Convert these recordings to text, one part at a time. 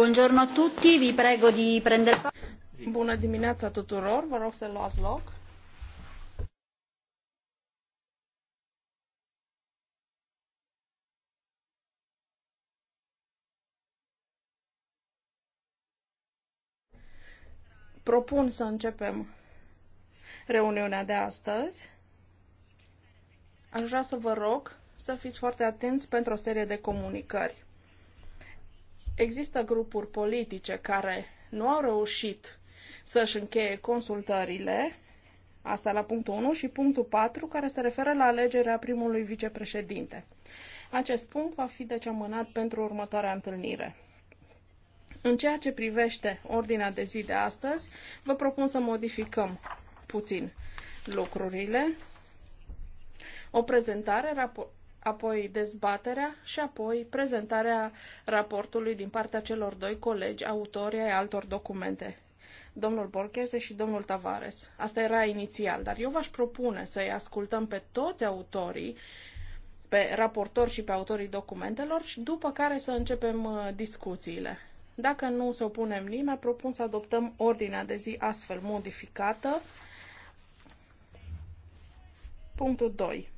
Buongiorno tutti, vi prego di prendere Bună dimineața tuturor, vă rog să luați loc. Propun să începem reuniunea de astăzi. Aș vrea să vă rog să fiți foarte atenți pentru o serie de comunicări. Există grupuri politice care nu au reușit să-și încheie consultările, asta la punctul 1 și punctul 4 care se referă la alegerea primului vicepreședinte. Acest punct va fi deci amânat pentru următoarea întâlnire. În ceea ce privește ordinea de zi de astăzi, vă propun să modificăm puțin lucrurile. O prezentare, apoi dezbaterea și apoi prezentarea raportului din partea celor doi colegi autori ai altor documente, domnul Borchese și domnul Tavares. Asta era inițial, dar eu v-aș propune să-i ascultăm pe toți autorii, pe raportori și pe autorii documentelor și după care să începem uh, discuțiile. Dacă nu se opunem nimeni, propun să adoptăm ordinea de zi astfel modificată. Punctul 2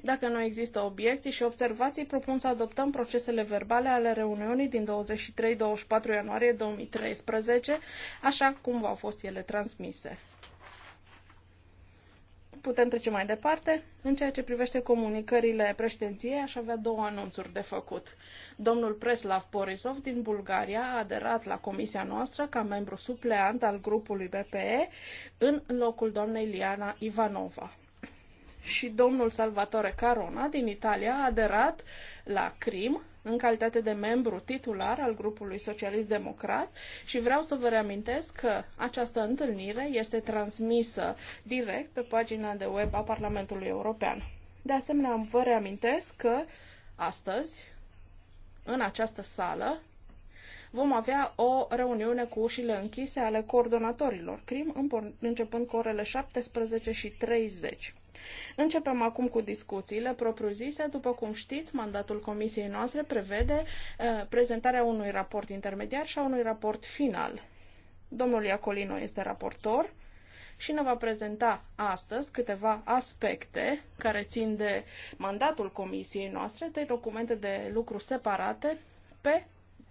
dacă nu există obiecții și observații, propun să adoptăm procesele verbale ale reuniunii din 23-24 ianuarie 2013, așa cum au fost ele transmise. Putem trece mai departe. În ceea ce privește comunicările președinției, aș avea două anunțuri de făcut. Domnul Preslav Borisov din Bulgaria a aderat la comisia noastră ca membru supleant al grupului BPE în locul doamnei Liana Ivanova și domnul Salvatore Carona din Italia a aderat la CRIM în calitate de membru titular al grupului socialist-democrat și vreau să vă reamintesc că această întâlnire este transmisă direct pe pagina de web a Parlamentului European. De asemenea, vă reamintesc că astăzi, în această sală, vom avea o reuniune cu ușile închise ale coordonatorilor CRIM, începând cu orele 17 și 30. Începem acum cu discuțiile propriu-zise. După cum știți, mandatul comisiei noastre prevede uh, prezentarea unui raport intermediar și a unui raport final. Domnul Iacolino este raportor și ne va prezenta astăzi câteva aspecte care țin de mandatul comisiei noastre, trei documente de lucru separate pe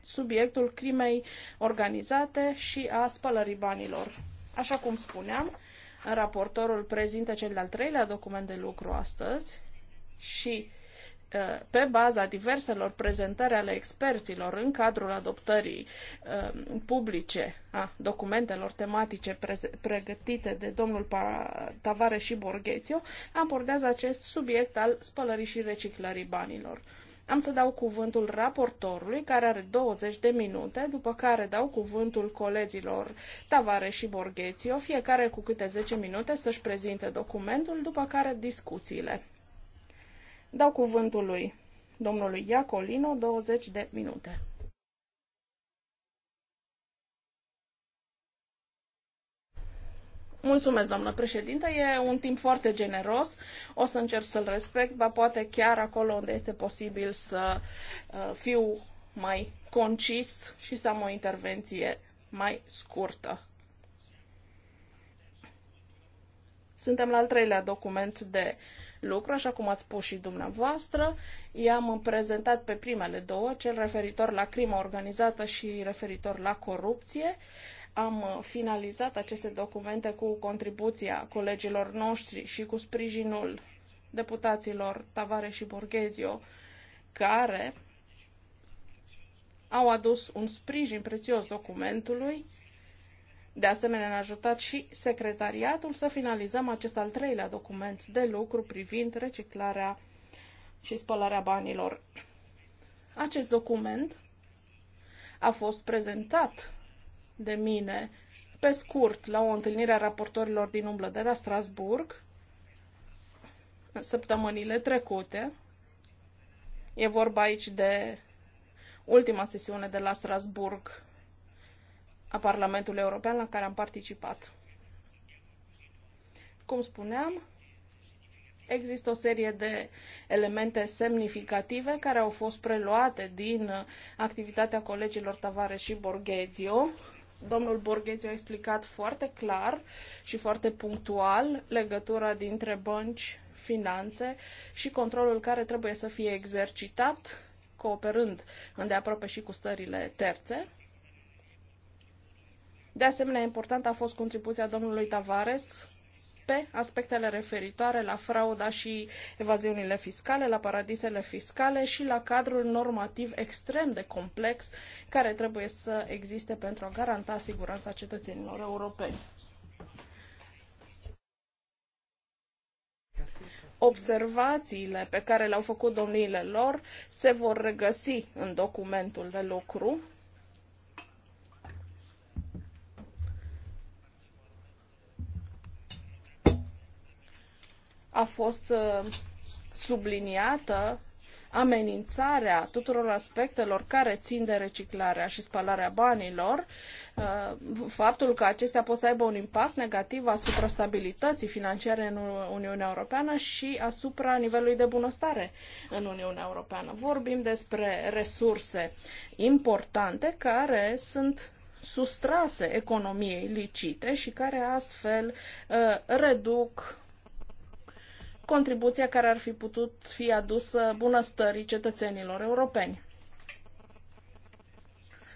subiectul crimei organizate și a spălării banilor. Așa cum spuneam, Raportorul prezintă cel de-al treilea document de lucru astăzi și uh, pe baza diverselor prezentări ale experților în cadrul adoptării uh, publice a documentelor tematice pregătite de domnul Tavare și Borghețiu, abordează acest subiect al spălării și reciclării banilor. Am să dau cuvântul raportorului, care are 20 de minute, după care dau cuvântul colegilor Tavare și Borghețio, fiecare cu câte 10 minute să-și prezinte documentul, după care discuțiile. Dau cuvântul lui domnului Iacolino 20 de minute. Mulțumesc, doamnă președinte. E un timp foarte generos. O să încerc să-l respect, dar poate chiar acolo unde este posibil să uh, fiu mai concis și să am o intervenție mai scurtă. Suntem la al treilea document de lucru, așa cum ați spus și dumneavoastră. I-am prezentat pe primele două, cel referitor la crimă organizată și referitor la corupție am finalizat aceste documente cu contribuția colegilor noștri și cu sprijinul deputaților Tavare și Borghezio, care au adus un sprijin prețios documentului. De asemenea, ne-a ajutat și secretariatul să finalizăm acest al treilea document de lucru privind reciclarea și spălarea banilor. Acest document a fost prezentat de mine, pe scurt, la o întâlnire a raportorilor din umblă de la Strasburg, în săptămânile trecute. E vorba aici de ultima sesiune de la Strasburg a Parlamentului European la care am participat. Cum spuneam, există o serie de elemente semnificative care au fost preluate din activitatea colegilor Tavare și Borghezio Domnul Borghezi a explicat foarte clar și foarte punctual legătura dintre bănci, finanțe și controlul care trebuie să fie exercitat cooperând îndeaproape și cu stările terțe. De asemenea, important a fost contribuția domnului Tavares pe aspectele referitoare la frauda și evaziunile fiscale, la paradisele fiscale și la cadrul normativ extrem de complex care trebuie să existe pentru a garanta siguranța cetățenilor europeni. Observațiile pe care le-au făcut domniile lor se vor regăsi în documentul de lucru a fost uh, subliniată amenințarea tuturor aspectelor care țin de reciclarea și spălarea banilor, uh, faptul că acestea pot să aibă un impact negativ asupra stabilității financiare în Uniunea Europeană și asupra nivelului de bunăstare în Uniunea Europeană. Vorbim despre resurse importante care sunt sustrase economiei licite și care astfel uh, reduc contribuția care ar fi putut fi adusă bunăstării cetățenilor europeni.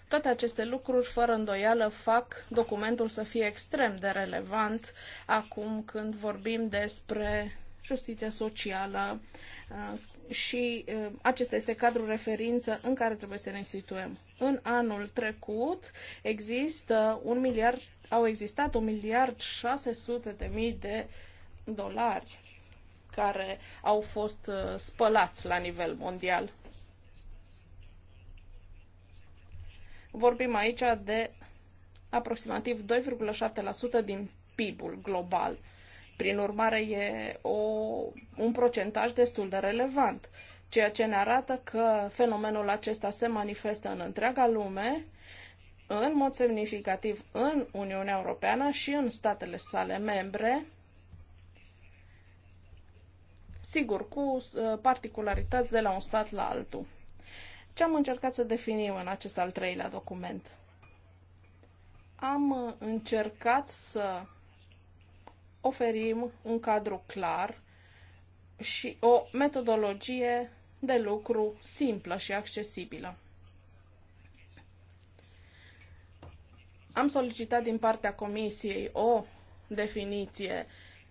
Toate aceste lucruri, fără îndoială, fac documentul să fie extrem de relevant acum când vorbim despre justiția socială uh, și uh, acesta este cadrul referință în care trebuie să ne situăm. În anul trecut există un miliard, au existat un miliard 600 de mii de dolari care au fost uh, spălați la nivel mondial. Vorbim aici de aproximativ 2,7% din PIB-ul global. Prin urmare, e o, un procentaj destul de relevant, ceea ce ne arată că fenomenul acesta se manifestă în întreaga lume, în mod semnificativ în Uniunea Europeană și în statele sale membre, sigur, cu uh, particularități de la un stat la altul. Ce am încercat să definim în acest al treilea document? Am uh, încercat să oferim un cadru clar și o metodologie de lucru simplă și accesibilă. Am solicitat din partea Comisiei o definiție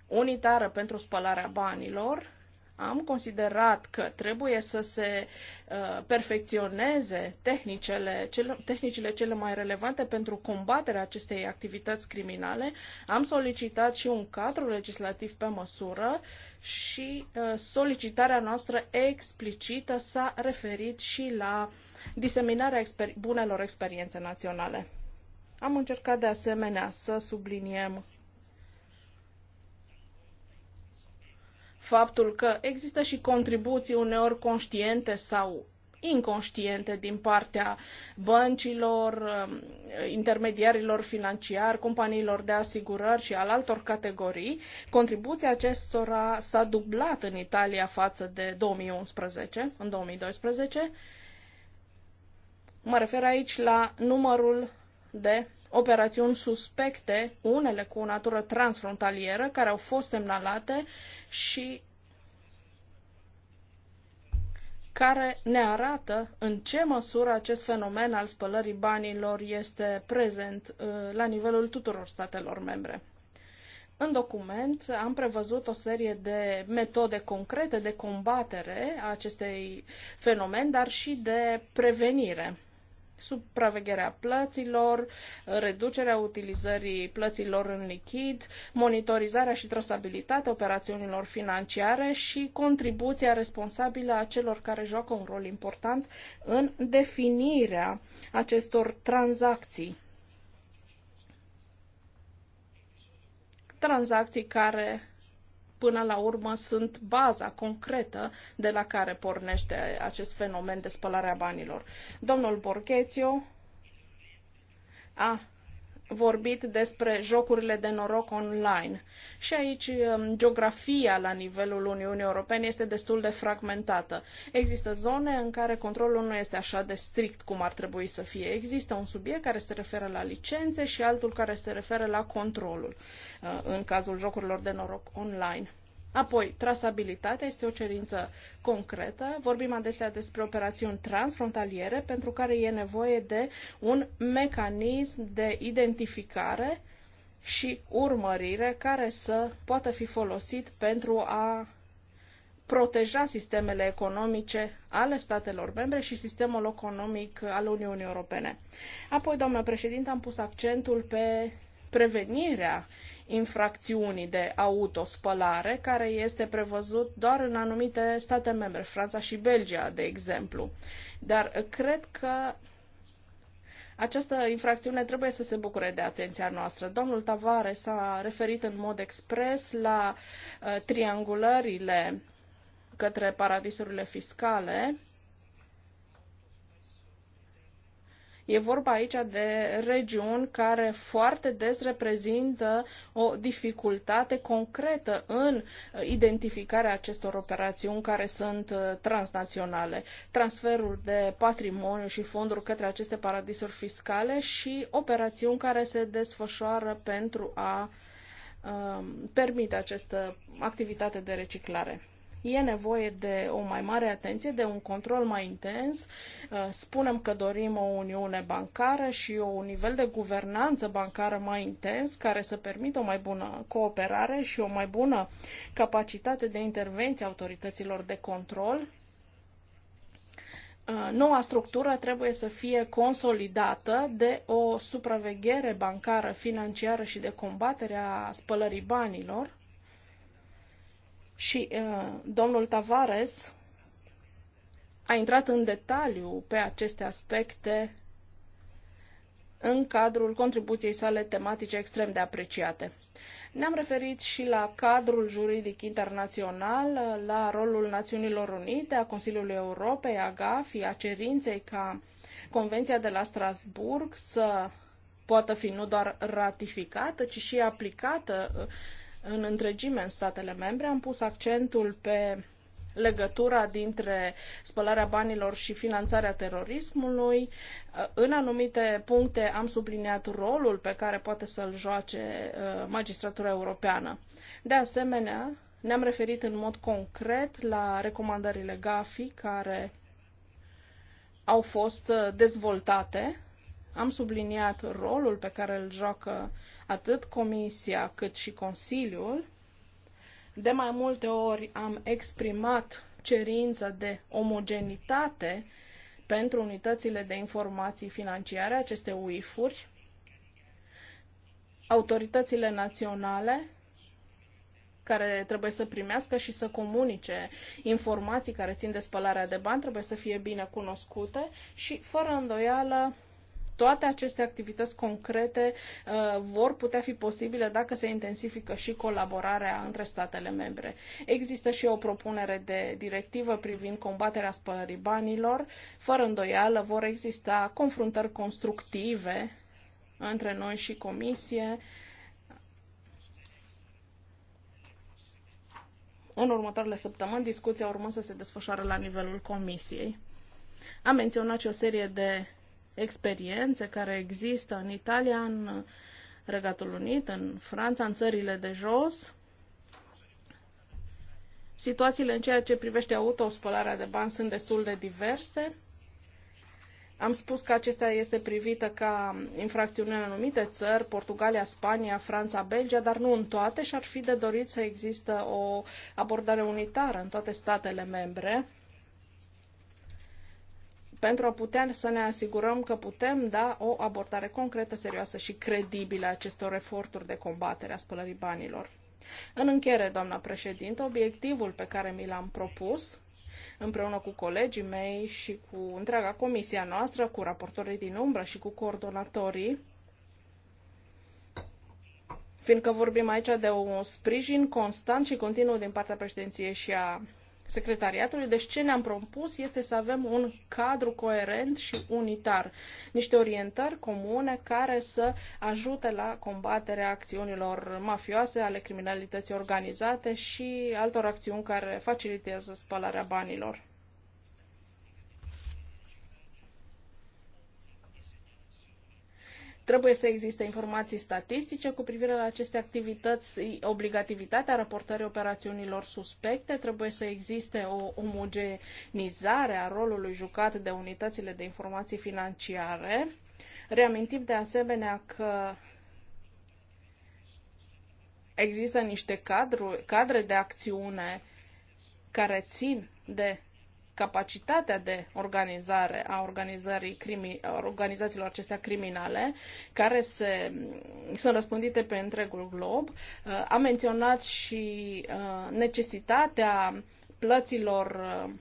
unitară pentru spălarea banilor am considerat că trebuie să se uh, perfecționeze tehnicele cele, tehnicile cele mai relevante pentru combaterea acestei activități criminale. Am solicitat și un cadru legislativ pe măsură și uh, solicitarea noastră explicită s-a referit și la diseminarea exper- bunelor experiențe naționale. Am încercat de asemenea să subliniem faptul că există și contribuții uneori conștiente sau inconștiente din partea băncilor, um, intermediarilor financiari, companiilor de asigurări și al altor categorii. Contribuția acestora s-a dublat în Italia față de 2011, în 2012. Mă refer aici la numărul de operațiuni suspecte, unele cu o natură transfrontalieră, care au fost semnalate și care ne arată în ce măsură acest fenomen al spălării banilor este prezent uh, la nivelul tuturor statelor membre. În document am prevăzut o serie de metode concrete de combatere a acestei fenomen, dar și de prevenire supravegherea plăților, reducerea utilizării plăților în lichid, monitorizarea și trasabilitatea operațiunilor financiare și contribuția responsabilă a celor care joacă un rol important în definirea acestor tranzacții. Tranzacții care până la urmă sunt baza concretă de la care pornește acest fenomen de spălare a banilor. Domnul Borghețiu a vorbit despre jocurile de noroc online. Și aici um, geografia la nivelul Uniunii Europene este destul de fragmentată. Există zone în care controlul nu este așa de strict cum ar trebui să fie. Există un subiect care se referă la licențe și altul care se referă la controlul uh, în cazul jocurilor de noroc online. Apoi, trasabilitatea este o cerință concretă. Vorbim adesea despre operațiuni transfrontaliere pentru care e nevoie de un mecanism de identificare și urmărire care să poată fi folosit pentru a proteja sistemele economice ale statelor membre și sistemul economic al Uniunii Europene. Apoi, doamnă președinte, am pus accentul pe prevenirea infracțiunii de autospălare, care este prevăzut doar în anumite state membre, Franța și Belgia, de exemplu. Dar cred că această infracțiune trebuie să se bucure de atenția noastră. Domnul Tavare s-a referit în mod expres la uh, triangulările către paradisurile fiscale E vorba aici de regiuni care foarte des reprezintă o dificultate concretă în identificarea acestor operațiuni care sunt uh, transnaționale. Transferul de patrimoniu și fonduri către aceste paradisuri fiscale și operațiuni care se desfășoară pentru a um, permite această activitate de reciclare. E nevoie de o mai mare atenție, de un control mai intens. Uh, spunem că dorim o uniune bancară și un nivel de guvernanță bancară mai intens care să permită o mai bună cooperare și o mai bună capacitate de intervenție autorităților de control uh, noua structură trebuie să fie consolidată de o supraveghere bancară, financiară și de combatere a spălării banilor și uh, domnul Tavares a intrat în detaliu pe aceste aspecte în cadrul contribuției sale tematice extrem de apreciate. Ne-am referit și la cadrul juridic internațional, la rolul Națiunilor Unite, a Consiliului Europei, a GAFI, a cerinței ca Convenția de la Strasburg să poată fi nu doar ratificată, ci și aplicată uh, în întregime în statele membre. Am pus accentul pe legătura dintre spălarea banilor și finanțarea terorismului. În anumite puncte am subliniat rolul pe care poate să-l joace uh, magistratura europeană. De asemenea, ne-am referit în mod concret la recomandările GAFI care au fost uh, dezvoltate. Am subliniat rolul pe care îl joacă atât Comisia cât și Consiliul, de mai multe ori am exprimat cerința de omogenitate pentru unitățile de informații financiare, aceste UIF-uri, autoritățile naționale care trebuie să primească și să comunice informații care țin de spălarea de bani, trebuie să fie bine cunoscute și, fără îndoială, toate aceste activități concrete uh, vor putea fi posibile dacă se intensifică și colaborarea între statele membre. Există și o propunere de directivă privind combaterea spălării banilor. Fără îndoială vor exista confruntări constructive între noi și Comisie. În următoarele săptămâni, discuția urmă să se desfășoare la nivelul Comisiei. Am menționat și o serie de experiențe care există în Italia, în Regatul Unit, în Franța, în țările de jos. Situațiile în ceea ce privește autospălarea de bani sunt destul de diverse. Am spus că acesta este privită ca infracțiune în anumite țări, Portugalia, Spania, Franța, Belgia, dar nu în toate și ar fi de dorit să există o abordare unitară în toate statele membre pentru a putea să ne asigurăm că putem da o abordare concretă, serioasă și credibilă acestor eforturi de combatere a spălării banilor. În încheiere, doamna președintă, obiectivul pe care mi l-am propus împreună cu colegii mei și cu întreaga comisia noastră, cu raportorii din umbră și cu coordonatorii, fiindcă vorbim aici de un sprijin constant și continuu din partea președinției și a secretariatului. Deci ce ne-am propus este să avem un cadru coerent și unitar, niște orientări comune care să ajute la combaterea acțiunilor mafioase, ale criminalității organizate și altor acțiuni care facilitează spălarea banilor. Trebuie să existe informații statistice cu privire la aceste activități, obligativitatea raportării operațiunilor suspecte, trebuie să existe o omogenizare a rolului jucat de unitățile de informații financiare. Reamintim de asemenea că există niște cadru, cadre de acțiune care țin de capacitatea de organizare a organizării crimi, a organizațiilor acestea criminale, care se, sunt răspândite pe întregul glob. Uh, a menționat și uh, necesitatea plăților uh,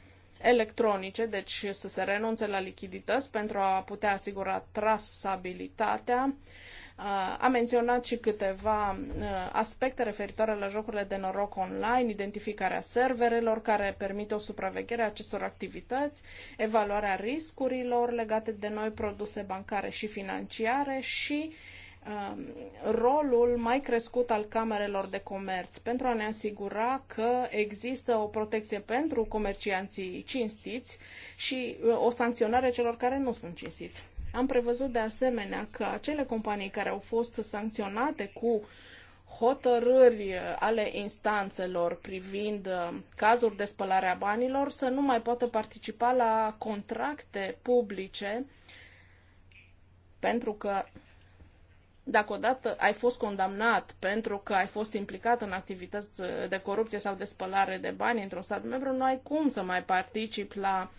electronice, deci să se renunțe la lichidități pentru a putea asigura trasabilitatea a menționat și câteva aspecte referitoare la jocurile de noroc online, identificarea serverelor care permite o supraveghere a acestor activități, evaluarea riscurilor legate de noi produse bancare și financiare și rolul mai crescut al camerelor de comerț pentru a ne asigura că există o protecție pentru comercianții cinstiți și o sancționare celor care nu sunt cinstiți. Am prevăzut de asemenea că acele companii care au fost sancționate cu hotărâri ale instanțelor privind uh, cazuri de spălare a banilor să nu mai poată participa la contracte publice pentru că dacă odată ai fost condamnat pentru că ai fost implicat în activități uh, de corupție sau de spălare de bani într-un stat membru, nu ai cum să mai participi la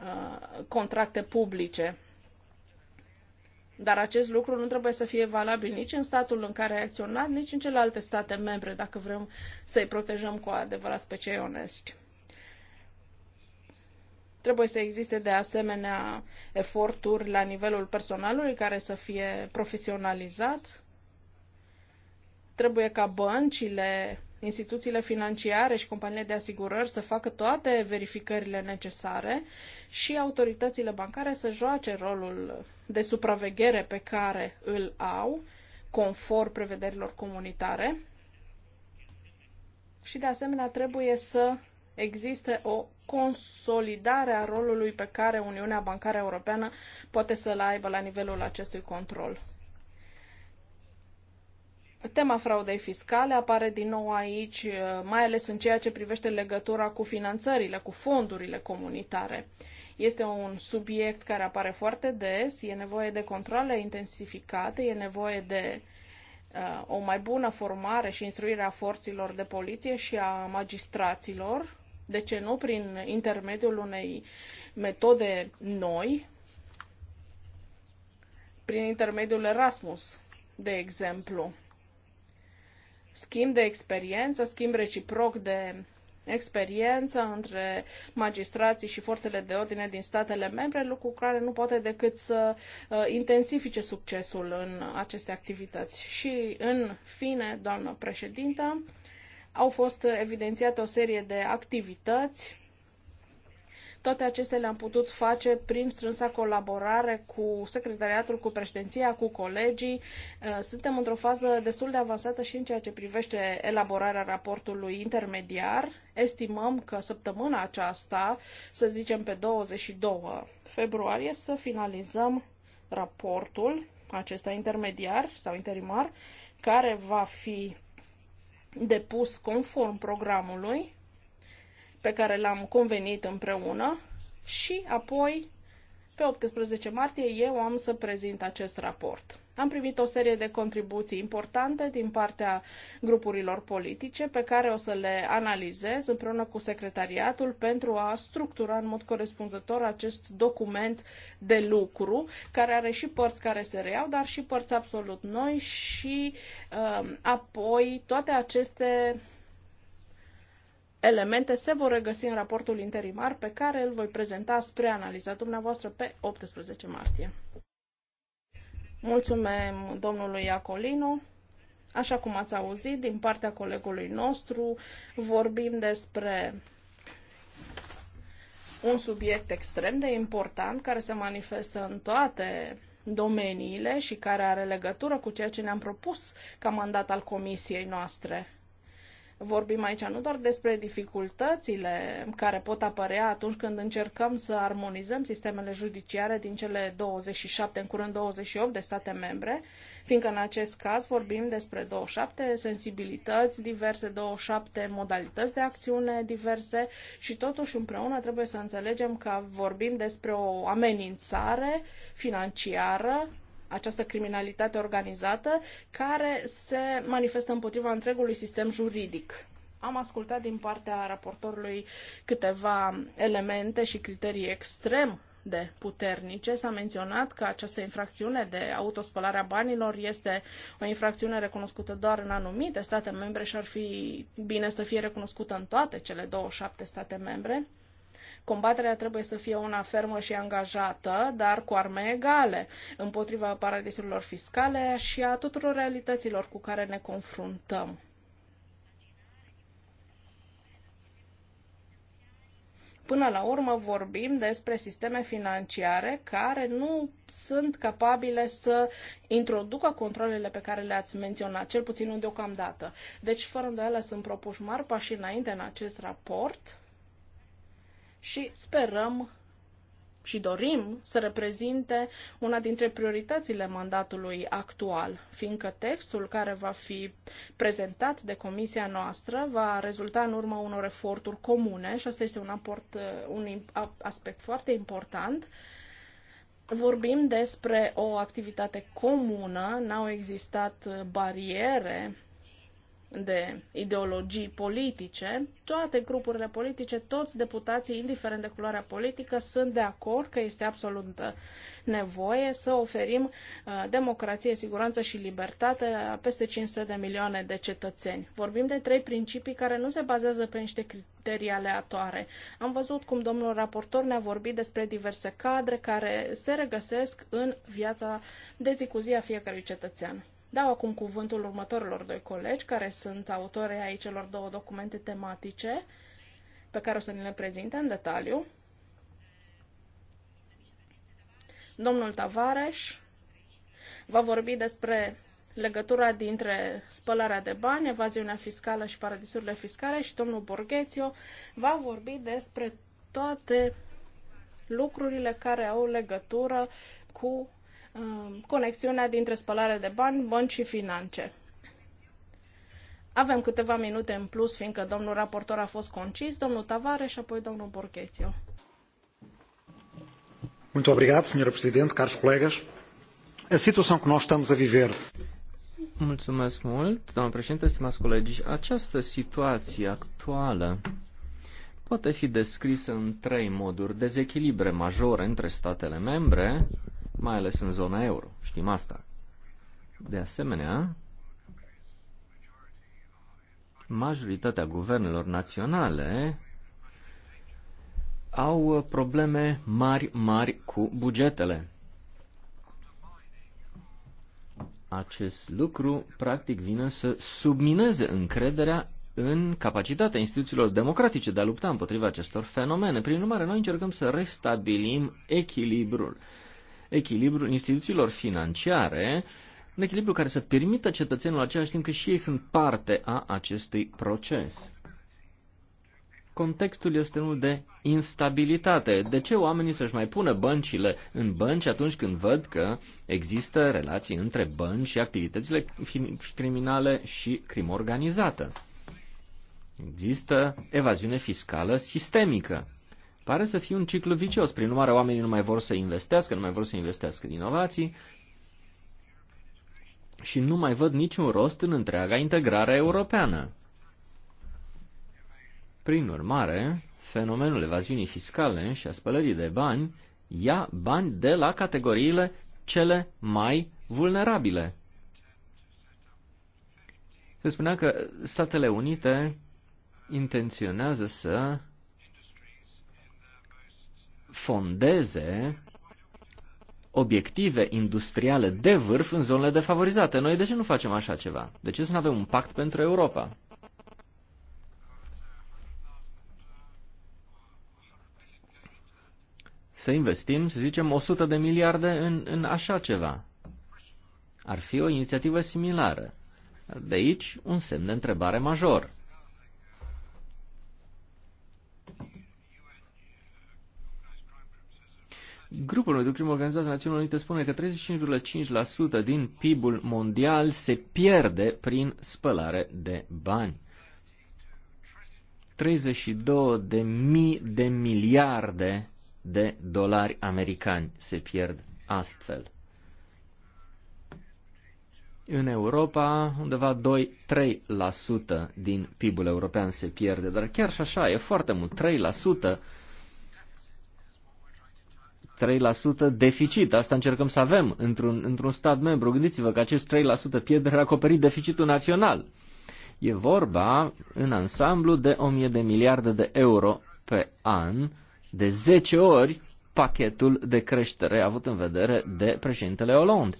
uh, contracte publice dar acest lucru nu trebuie să fie valabil nici în statul în care ai acționat, nici în celelalte state membre, dacă vrem să-i protejăm cu adevărat pe cei onești. Trebuie să existe de asemenea eforturi la nivelul personalului care să fie profesionalizat. Trebuie ca băncile instituțiile financiare și companiile de asigurări să facă toate verificările necesare și autoritățile bancare să joace rolul de supraveghere pe care îl au, conform prevederilor comunitare. Și de asemenea trebuie să existe o consolidare a rolului pe care Uniunea Bancară Europeană poate să-l aibă la nivelul acestui control. Tema fraudei fiscale apare din nou aici, uh, mai ales în ceea ce privește legătura cu finanțările, cu fondurile comunitare. Este un subiect care apare foarte des, e nevoie de controle intensificate, e nevoie de uh, o mai bună formare și instruire a forților de poliție și a magistraților, de ce nu prin intermediul unei metode noi, prin intermediul Erasmus, de exemplu schimb de experiență, schimb reciproc de experiență între magistrații și forțele de ordine din statele membre, lucru care nu poate decât să uh, intensifice succesul în aceste activități. Și, în fine, doamnă președintă, au fost evidențiate o serie de activități toate acestea le-am putut face prin strânsa colaborare cu secretariatul, cu președinția, cu colegii. Uh, suntem într-o fază destul de avansată și în ceea ce privește elaborarea raportului intermediar. Estimăm că săptămâna aceasta, să zicem pe 22 februarie, să finalizăm raportul acesta intermediar sau interimar, care va fi depus conform programului pe care l-am convenit împreună și apoi, pe 18 martie, eu am să prezint acest raport. Am primit o serie de contribuții importante din partea grupurilor politice pe care o să le analizez împreună cu secretariatul pentru a structura în mod corespunzător acest document de lucru care are și părți care se reiau, dar și părți absolut noi și uh, apoi toate aceste elemente se vor regăsi în raportul interimar pe care îl voi prezenta spre analiza dumneavoastră pe 18 martie. Mulțumim domnului Iacolino. Așa cum ați auzit din partea colegului nostru, vorbim despre un subiect extrem de important care se manifestă în toate domeniile și care are legătură cu ceea ce ne-am propus ca mandat al comisiei noastre Vorbim aici nu doar despre dificultățile care pot apărea atunci când încercăm să armonizăm sistemele judiciare din cele 27, în curând 28 de state membre, fiindcă în acest caz vorbim despre 27 sensibilități diverse, 27 modalități de acțiune diverse și totuși împreună trebuie să înțelegem că vorbim despre o amenințare financiară această criminalitate organizată care se manifestă împotriva întregului sistem juridic. Am ascultat din partea raportorului câteva elemente și criterii extrem de puternice. S-a menționat că această infracțiune de autospălare a banilor este o infracțiune recunoscută doar în anumite state membre și ar fi bine să fie recunoscută în toate cele 27 state membre. Combaterea trebuie să fie una fermă și angajată, dar cu arme egale, împotriva paradisurilor fiscale și a tuturor realităților cu care ne confruntăm. Până la urmă vorbim despre sisteme financiare care nu sunt capabile să introducă controlele pe care le-ați menționat, cel puțin nu deocamdată. Deci, fără îndoială, sunt propuși mari pași înainte în acest raport și sperăm și dorim să reprezinte una dintre prioritățile mandatului actual, fiindcă textul care va fi prezentat de comisia noastră va rezulta în urma unor eforturi comune și asta este un, aport, uh, un aspect foarte important. Vorbim despre o activitate comună, n-au existat uh, bariere de ideologii politice, toate grupurile politice, toți deputații, indiferent de culoarea politică, sunt de acord că este absolut nevoie să oferim uh, democrație, siguranță și libertate a peste 500 de milioane de cetățeni. Vorbim de trei principii care nu se bazează pe niște criterii aleatoare. Am văzut cum domnul raportor ne-a vorbit despre diverse cadre care se regăsesc în viața de zi cu zi a fiecărui cetățean. Dau acum cuvântul următorilor doi colegi, care sunt autori ai celor două documente tematice, pe care o să ne le prezinte în detaliu. Domnul Tavares va vorbi despre legătura dintre spălarea de bani, evaziunea fiscală și paradisurile fiscale și domnul Borghețiu va vorbi despre toate lucrurile care au legătură cu Um, conexiunea dintre spălare de bani, bănci și finanțe. Avem câteva minute în plus, fiindcă domnul raportor a fost concis, domnul Tavare și apoi domnul Borchețiu. Muito obrigado, Sr. Presidente, caros colegas. A situação que nós estamos a viver. Mulțumesc mult, doamnă președinte, stimați colegi. Această situație actuală poate fi descrisă în trei moduri. Dezechilibre majore între statele membre, mai ales în zona euro. Știm asta. De asemenea, majoritatea guvernelor naționale au probleme mari, mari cu bugetele. Acest lucru, practic, vine să submineze încrederea în capacitatea instituțiilor democratice de a lupta împotriva acestor fenomene. Prin urmare, noi încercăm să restabilim echilibrul echilibru instituțiilor financiare, un echilibru care să permită cetățenilor același timp că și ei sunt parte a acestui proces. Contextul este unul de instabilitate. De ce oamenii să-și mai pună băncile în bănci atunci când văd că există relații între bănci și activitățile criminale și crimă organizată? Există evaziune fiscală sistemică. Pare să fie un ciclu vicios. Prin urmare, oamenii nu mai vor să investească, nu mai vor să investească în inovații și nu mai văd niciun rost în întreaga integrare europeană. Prin urmare, fenomenul evaziunii fiscale și a spălării de bani ia bani de la categoriile cele mai vulnerabile. Se spunea că Statele Unite intenționează să fondeze obiective industriale de vârf în zonele defavorizate. Noi de ce nu facem așa ceva? De ce să nu avem un pact pentru Europa? Să investim, să zicem, 100 de miliarde în, în așa ceva. Ar fi o inițiativă similară. De aici un semn de întrebare major. Grupul meu de crimă organizată Națiunilor Unite spune că 35,5% din PIB-ul mondial se pierde prin spălare de bani. 32 de mii de miliarde de dolari americani se pierd astfel. În Europa, undeva 2-3% din PIB-ul european se pierde, dar chiar și așa e foarte mult, 3% 3% deficit. Asta încercăm să avem într-un, într-un stat membru. Gândiți-vă că acest 3% pierdere a acoperit deficitul național. E vorba, în ansamblu, de 1000 de miliarde de euro pe an, de 10 ori pachetul de creștere avut în vedere de președintele Hollande.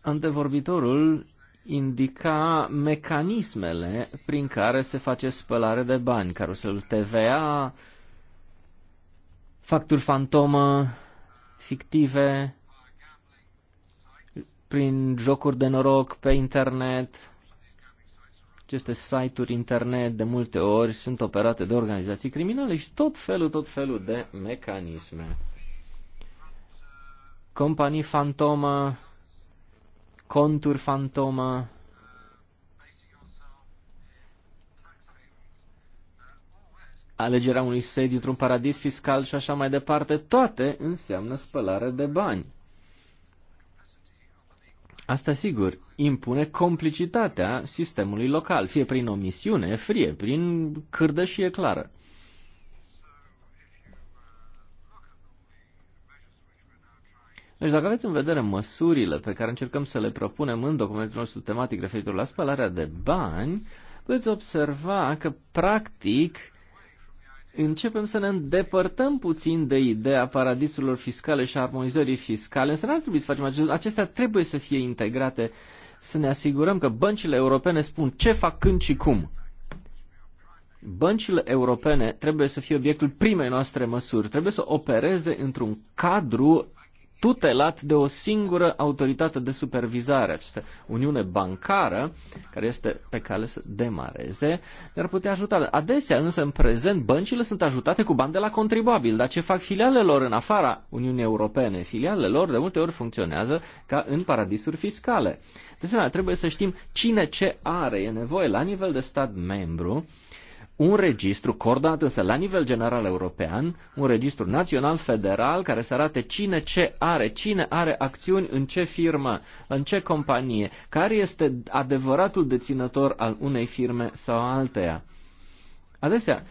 Antevorbitorul indica mecanismele prin care se face spălare de bani, caruselul TVA, facturi fantomă, fictive, prin jocuri de noroc pe internet. Aceste site-uri internet de multe ori sunt operate de organizații criminale și tot felul, tot felul de mecanisme. Companii fantomă, conturi fantomă. Alegerea unui sediu într-un paradis fiscal și așa mai departe, toate înseamnă spălare de bani. Asta, sigur, impune complicitatea sistemului local, fie prin omisiune, fie prin cârdășie clară. Deci dacă aveți în vedere măsurile pe care încercăm să le propunem în documentul nostru tematic referitor la spălarea de bani, veți observa că practic începem să ne îndepărtăm puțin de ideea paradisurilor fiscale și armonizării fiscale, însă nu ar trebui să facem acest Acestea trebuie să fie integrate, să ne asigurăm că băncile europene spun ce fac când și cum. Băncile europene trebuie să fie obiectul primei noastre măsuri, trebuie să opereze într-un cadru tutelat de o singură autoritate de supervizare. Această uniune bancară, care este pe cale să demareze, ne-ar putea ajuta. Adesea, însă, în prezent, băncile sunt ajutate cu bani de la contribuabil, dar ce fac filialele lor în afara Uniunii Europene? Filialele lor, de multe ori, funcționează ca în paradisuri fiscale. De asemenea, trebuie să știm cine ce are. E nevoie, la nivel de stat membru, un registru coordonat însă la nivel general european, un registru național federal care să arate cine ce are, cine are acțiuni în ce firmă, în ce companie, care este adevăratul deținător al unei firme sau alteia. Adesea,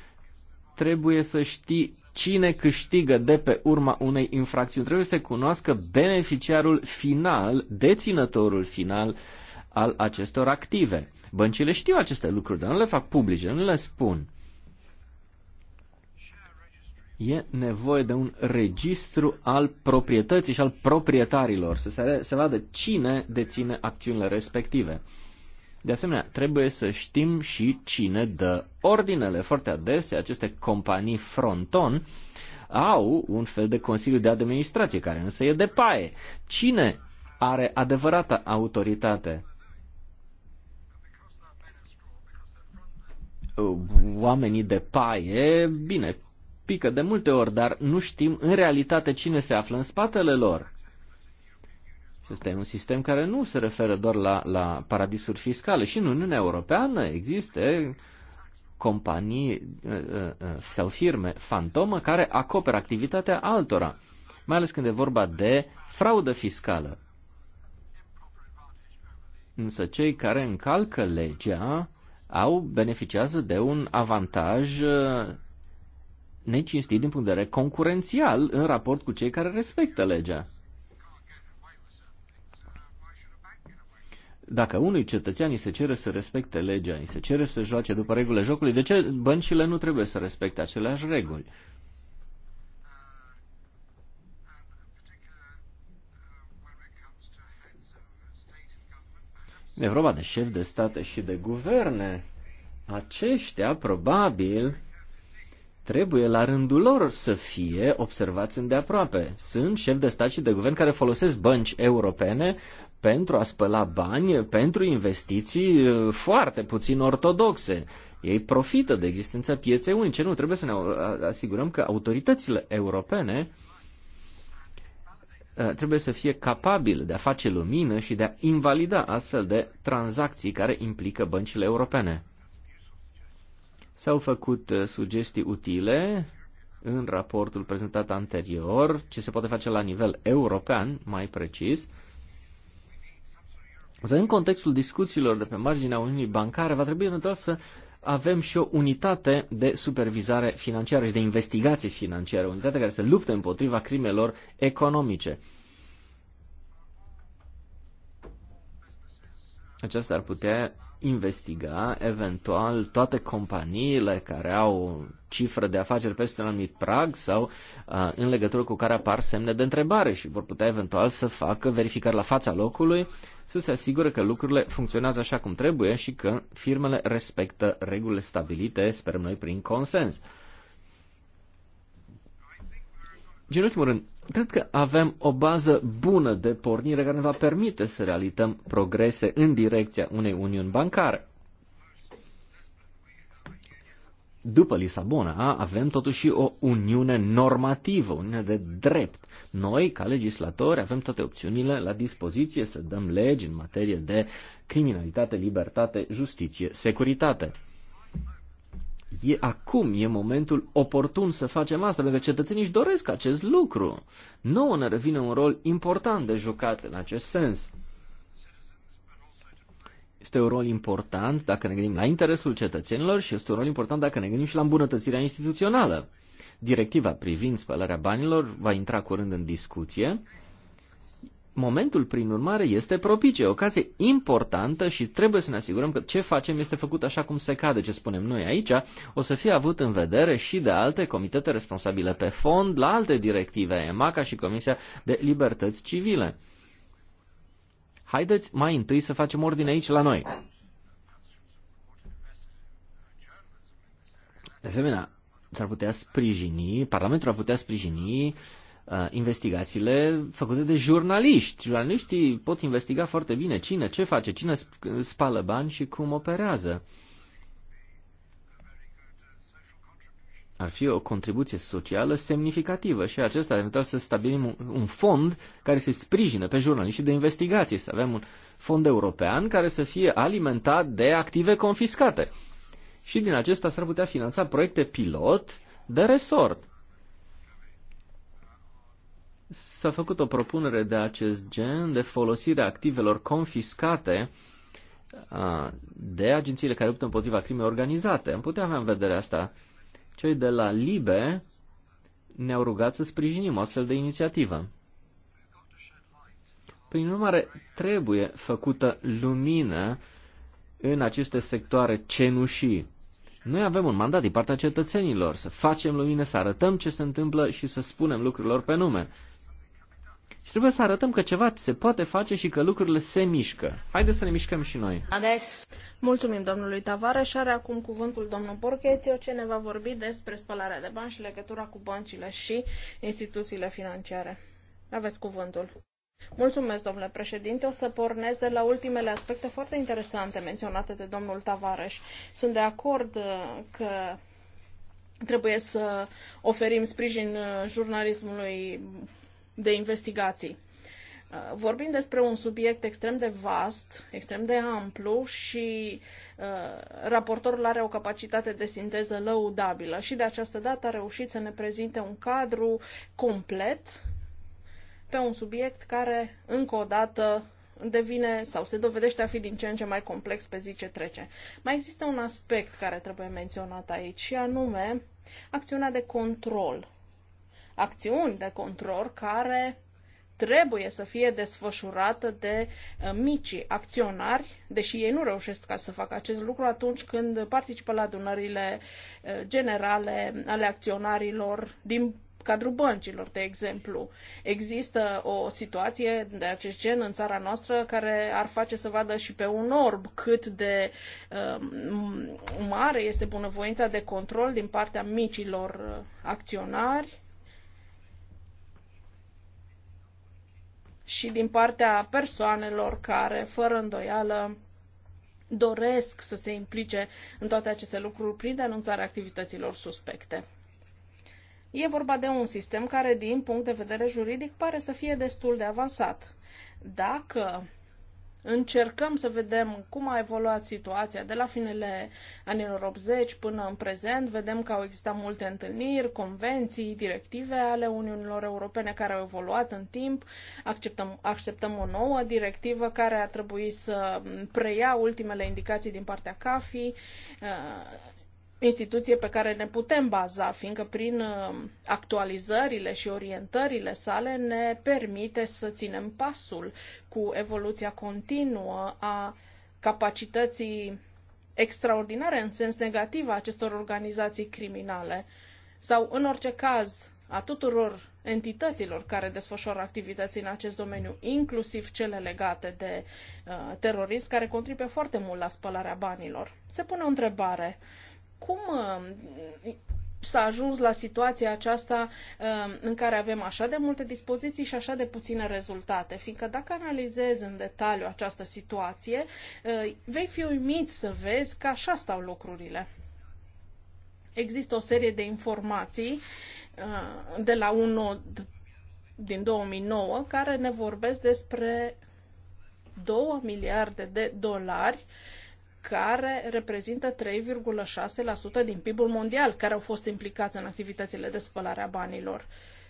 trebuie să știi cine câștigă de pe urma unei infracțiuni. Trebuie să cunoască beneficiarul final, deținătorul final al acestor active. Băncile știu aceste lucruri, dar nu le fac publice, nu le spun. E nevoie de un registru al proprietății și al proprietarilor, să se, se vadă cine deține acțiunile respective. De asemenea, trebuie să știm și cine dă ordinele. Foarte adesea, aceste companii fronton au un fel de Consiliu de Administrație, care însă e de paie. Cine are adevărata autoritate? oamenii de paie, bine, pică de multe ori, dar nu știm în realitate cine se află în spatele lor. Este un sistem care nu se referă doar la, la paradisuri fiscale. Și în Uniunea Europeană există companii uh, uh, sau firme fantomă care acoperă activitatea altora, mai ales când e vorba de fraudă fiscală. Însă cei care încalcă legea au beneficiază de un avantaj uh, necinstit din punct de vedere concurențial în raport cu cei care respectă legea. Dacă unui cetățean îi se cere să respecte legea, îi se cere să joace după regulile jocului, de ce băncile nu trebuie să respecte aceleași reguli? Uh, E vorba de șef de state și de guverne. Aceștia, probabil, trebuie la rândul lor să fie observați îndeaproape. Sunt șef de stat și de guvern care folosesc bănci europene pentru a spăla bani, pentru investiții foarte puțin ortodoxe. Ei profită de existența pieței unice. Nu, trebuie să ne asigurăm că autoritățile europene Uh, trebuie să fie capabil de a face lumină și de a invalida astfel de tranzacții care implică băncile europene. S-au făcut uh, sugestii utile în raportul prezentat anterior, ce se poate face la nivel european, mai precis, Însă, în contextul discuțiilor de pe marginea Uniunii Bancare, va trebui eventual să avem și o unitate de supervizare financiară și de investigație financiară, unitate care să luptă împotriva crimelor economice. Aceasta ar putea investiga eventual toate companiile care au cifră de afaceri peste un anumit prag sau uh, în legătură cu care apar semne de întrebare și vor putea eventual să facă verificări la fața locului să se asigure că lucrurile funcționează așa cum trebuie și că firmele respectă regulile stabilite, sperăm noi, prin consens. Și în ultimul rând, cred că avem o bază bună de pornire care ne va permite să realizăm progrese în direcția unei uniuni bancare. După Lisabona avem totuși o uniune normativă, uniune de drept. Noi, ca legislatori, avem toate opțiunile la dispoziție să dăm legi în materie de criminalitate, libertate, justiție, securitate. E, acum e momentul oportun să facem asta, pentru că cetățenii își doresc acest lucru. Nouă ne revine un rol important de jucat în acest sens. Este un rol important dacă ne gândim la interesul cetățenilor și este un rol important dacă ne gândim și la îmbunătățirea instituțională. Directiva privind spălarea banilor va intra curând în discuție. Momentul, prin urmare, este propice, o ocazie importantă și trebuie să ne asigurăm că ce facem este făcut așa cum se cade, ce spunem noi aici, o să fie avut în vedere și de alte comitete responsabile pe fond, la alte directive, EMACA și Comisia de Libertăți Civile. Haideți mai întâi să facem ordine aici la noi. De asemenea, s-ar putea sprijini, Parlamentul ar putea sprijini uh, investigațiile făcute de jurnaliști. Jurnaliștii pot investiga foarte bine cine, ce face, cine spală bani și cum operează. Ar fi o contribuție socială semnificativă și acesta eventual să stabilim un, un fond care să sprijină pe jurnaliști de investigație, să avem un fond european care să fie alimentat de active confiscate și din acesta s-ar putea finanța proiecte pilot de resort. S-a făcut o propunere de acest gen de a activelor confiscate de agențiile care luptă împotriva crimei organizate. Am putea avea în vedere asta. Cei de la LIBE ne-au rugat să sprijinim o astfel de inițiativă. Prin urmare, trebuie făcută lumină în aceste sectoare cenușii. Noi avem un mandat din partea cetățenilor să facem lumină, să arătăm ce se întâmplă și să spunem lucrurilor pe nume. Și trebuie să arătăm că ceva se poate face și că lucrurile se mișcă. Haideți să ne mișcăm și noi. Ades. Mulțumim domnului Tavară și are acum cuvântul domnul Borchețiu, ce ne va vorbi despre spălarea de bani și legătura cu băncile și instituțiile financiare. Aveți cuvântul. Mulțumesc, domnule președinte. O să pornesc de la ultimele aspecte foarte interesante menționate de domnul Tavares. Sunt de acord uh, că trebuie să oferim sprijin uh, jurnalismului de investigații. Uh, vorbim despre un subiect extrem de vast, extrem de amplu și raportorul are o capacitate de sinteză lăudabilă și de această dată a reușit să ne prezinte un cadru complet pe un subiect care, încă o dată, devine sau se dovedește a fi din ce în ce mai complex pe zi ce trece. Mai există un aspect care trebuie menționat aici și anume acțiunea de control. Acțiuni de control care trebuie să fie desfășurată de uh, micii acționari, deși ei nu reușesc ca să facă acest lucru atunci când participă la adunările uh, generale ale acționarilor din cadrul băncilor, de exemplu. Există o situație de acest gen în țara noastră care ar face să vadă și pe un orb cât de uh, mare este bunăvoința de control din partea micilor uh, acționari și din partea persoanelor care, fără îndoială, doresc să se implice în toate aceste lucruri prin denunțarea activităților suspecte. E vorba de un sistem care, din punct de vedere juridic, pare să fie destul de avansat. Dacă încercăm să vedem cum a evoluat situația de la finele anilor 80 până în prezent. Vedem că au existat multe întâlniri, convenții, directive ale Uniunilor Europene care au evoluat în timp. Acceptăm, acceptăm o nouă directivă care a trebuit să preia ultimele indicații din partea CAFI. Uh, instituție pe care ne putem baza, fiindcă prin uh, actualizările și orientările sale ne permite să ținem pasul cu evoluția continuă a capacității extraordinare în sens negativ a acestor organizații criminale sau, în orice caz, a tuturor entităților care desfășoară activități în acest domeniu, inclusiv cele legate de uh, terorism, care contribuie foarte mult la spălarea banilor. Se pune o întrebare. Uh, cum uh, s-a ajuns la situația aceasta uh, în care avem așa de multe dispoziții și așa de puține rezultate. Fiindcă dacă analizezi în detaliu această situație, uh, vei fi uimit să vezi că așa stau lucrurile. Există o serie de informații de la un nod din 2009 care ne vorbesc despre 2 miliarde de dolari uh, care reprezintă 3,6% din PIB-ul mondial, care au fost implicați în activitățile de spălare a banilor.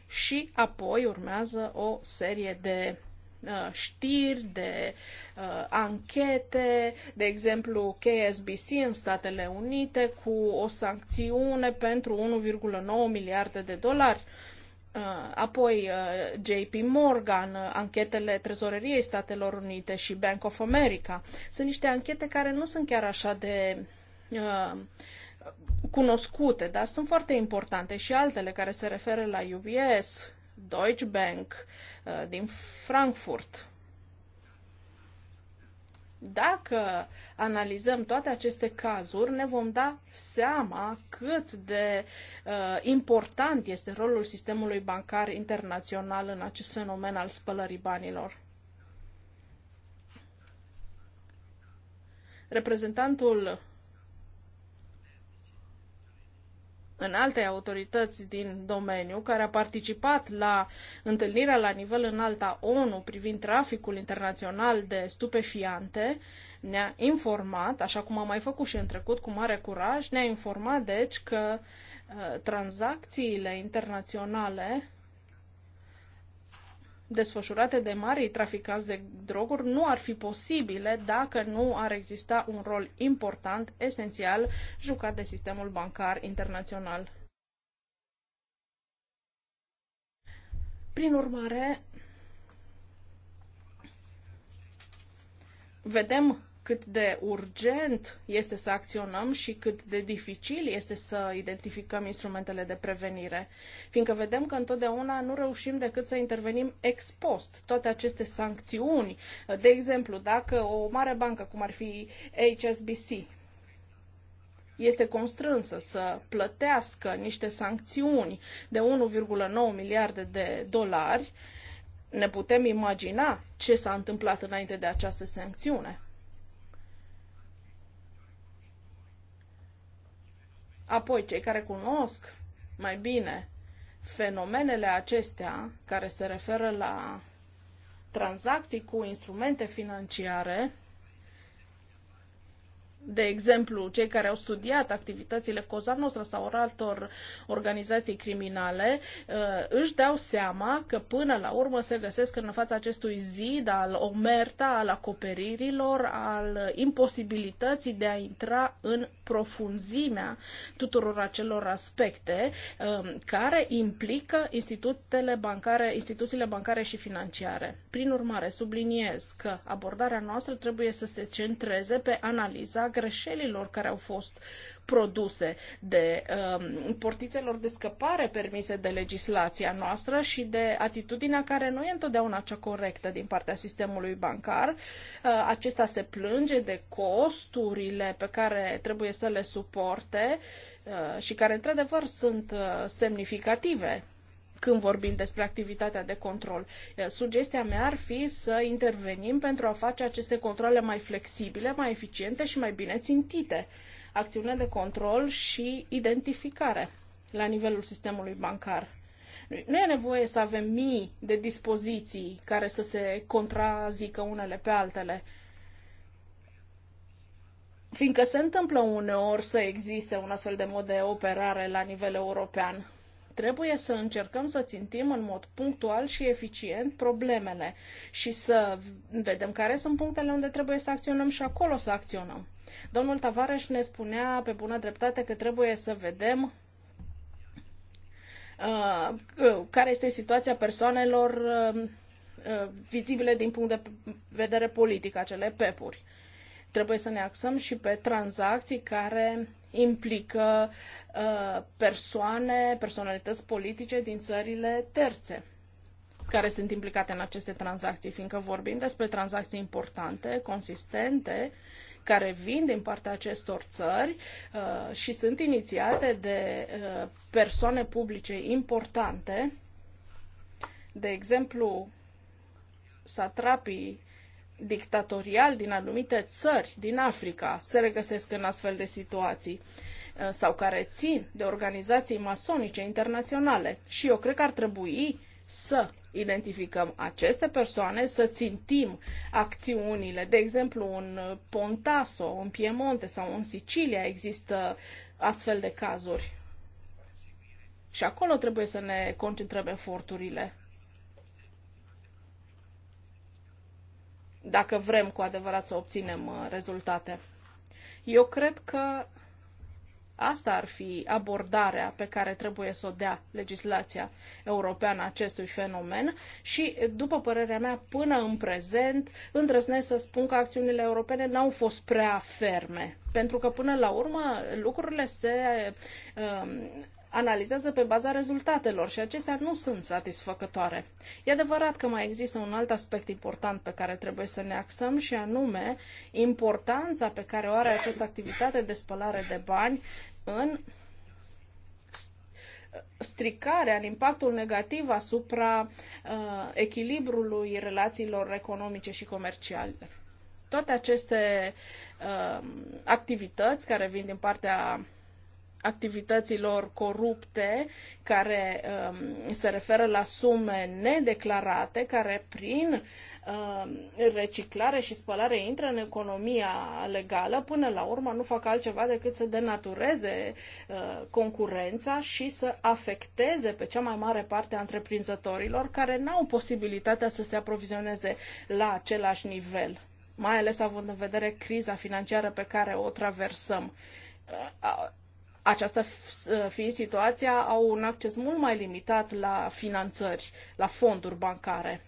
Și apoi urmează o serie de uh, știri, de uh, anchete, de exemplu KSBC în Statele Unite cu o sancțiune pentru 1,9 miliarde de dolari. Uh, Uh, apoi uh, JP Morgan, uh, anchetele Trezoreriei Statelor Unite și Bank of America. Sunt niște anchete care nu sunt chiar așa de cunoscute, dar sunt foarte importante și altele care se referă la UBS, Deutsche Bank din Frankfurt, dacă analizăm toate aceste cazuri, ne vom da seama cât de uh, important este rolul sistemului bancar internațional în acest fenomen al spălării banilor. Reprezentantul în alte autorități din domeniu care a participat la întâlnirea la nivel înalt a ONU privind traficul internațional de stupefiante, ne-a informat, așa cum am mai făcut și în trecut cu mare curaj, ne-a informat deci că uh, tranzacțiile internaționale desfășurate de mari traficanți de droguri nu ar fi posibile dacă nu ar exista un rol important, esențial, jucat de sistemul bancar internațional. Prin urmare, vedem cât de urgent este să acționăm și cât de dificil este să identificăm instrumentele de prevenire, fiindcă vedem că întotdeauna nu reușim decât să intervenim ex post. Toate aceste sancțiuni, de exemplu, dacă o mare bancă, cum ar fi HSBC, este constrânsă să plătească niște sancțiuni de 1,9 miliarde de dolari, ne putem imagina ce s-a întâmplat înainte de această sancțiune. Apoi, cei care cunosc mai bine fenomenele acestea care se referă la tranzacții cu instrumente financiare de exemplu, cei care au studiat activitățile Coza Nostra sau altor organizații criminale, uh, își dau seama că până la urmă se găsesc în fața acestui zid al omerta, al acoperirilor, al imposibilității de a intra în profunzimea tuturor acelor aspecte um, care implică institutele bancare, instituțiile bancare și financiare. Prin urmare, subliniez că abordarea noastră trebuie să se centreze pe analiza greșelilor care au fost produse, de um, portițelor de scăpare permise de legislația noastră și de atitudinea care nu e întotdeauna cea corectă din partea sistemului bancar. Uh, acesta se plânge de costurile pe care trebuie să le suporte uh, și care, într-adevăr, sunt uh, semnificative când vorbim despre activitatea de control. Sugestia mea ar fi să intervenim pentru a face aceste controle mai flexibile, mai eficiente și mai bine țintite. Acțiune de control și identificare la nivelul sistemului bancar. Nu e nevoie să avem mii de dispoziții care să se contrazică unele pe altele fiindcă se întâmplă uneori să existe un astfel de mod de operare la nivel european. Trebuie să încercăm să țintim în mod punctual și eficient problemele și să vedem care sunt punctele unde trebuie să acționăm și acolo să acționăm. Domnul Tavares ne spunea pe bună dreptate că trebuie să vedem uh, care este situația persoanelor uh, uh vizibile din punct de vedere politic, acele pepuri. Uh, Trebuie să ne axăm și pe tranzacții care implică uh, persoane, personalități politice din țările terțe care sunt implicate în aceste tranzacții, fiindcă vorbim despre tranzacții importante, consistente, care vin din partea acestor țări uh, și sunt inițiate de uh, persoane publice importante. De exemplu, satrapii dictatorial din anumite țări din Africa se regăsesc în astfel de situații uh, sau care țin de organizații masonice internaționale. Și eu cred că ar trebui să identificăm aceste persoane, să țintim acțiunile. De exemplu, în Pontaso, în Piemonte sau în Sicilia există astfel de cazuri. Și acolo trebuie să ne concentrăm eforturile. dacă vrem cu adevărat să obținem uh, rezultate. Eu cred că asta ar fi abordarea pe care trebuie să o dea legislația europeană acestui fenomen și, după părerea mea, până în prezent, îndrăznesc să spun că acțiunile europene n-au fost prea ferme, pentru că, până la urmă, lucrurile se um, analizează pe baza rezultatelor și acestea nu sunt satisfăcătoare. E adevărat că mai există un alt aspect important pe care trebuie să ne axăm și anume importanța pe care o are această activitate de spălare de bani în stricarea, în impactul negativ asupra uh, echilibrului relațiilor economice și comerciale. Toate aceste uh, activități care vin din partea activităților corupte care um, se referă la sume nedeclarate, care prin um, reciclare și spălare intră în economia legală, până la urmă nu fac altceva decât să denatureze uh, concurența și să afecteze pe cea mai mare parte a întreprinzătorilor care n-au posibilitatea să se aprovizioneze la același nivel, mai ales având în vedere criza financiară pe care o traversăm. Uh, aceasta fiind situația, au un acces mult mai limitat la finanțări, la fonduri bancare.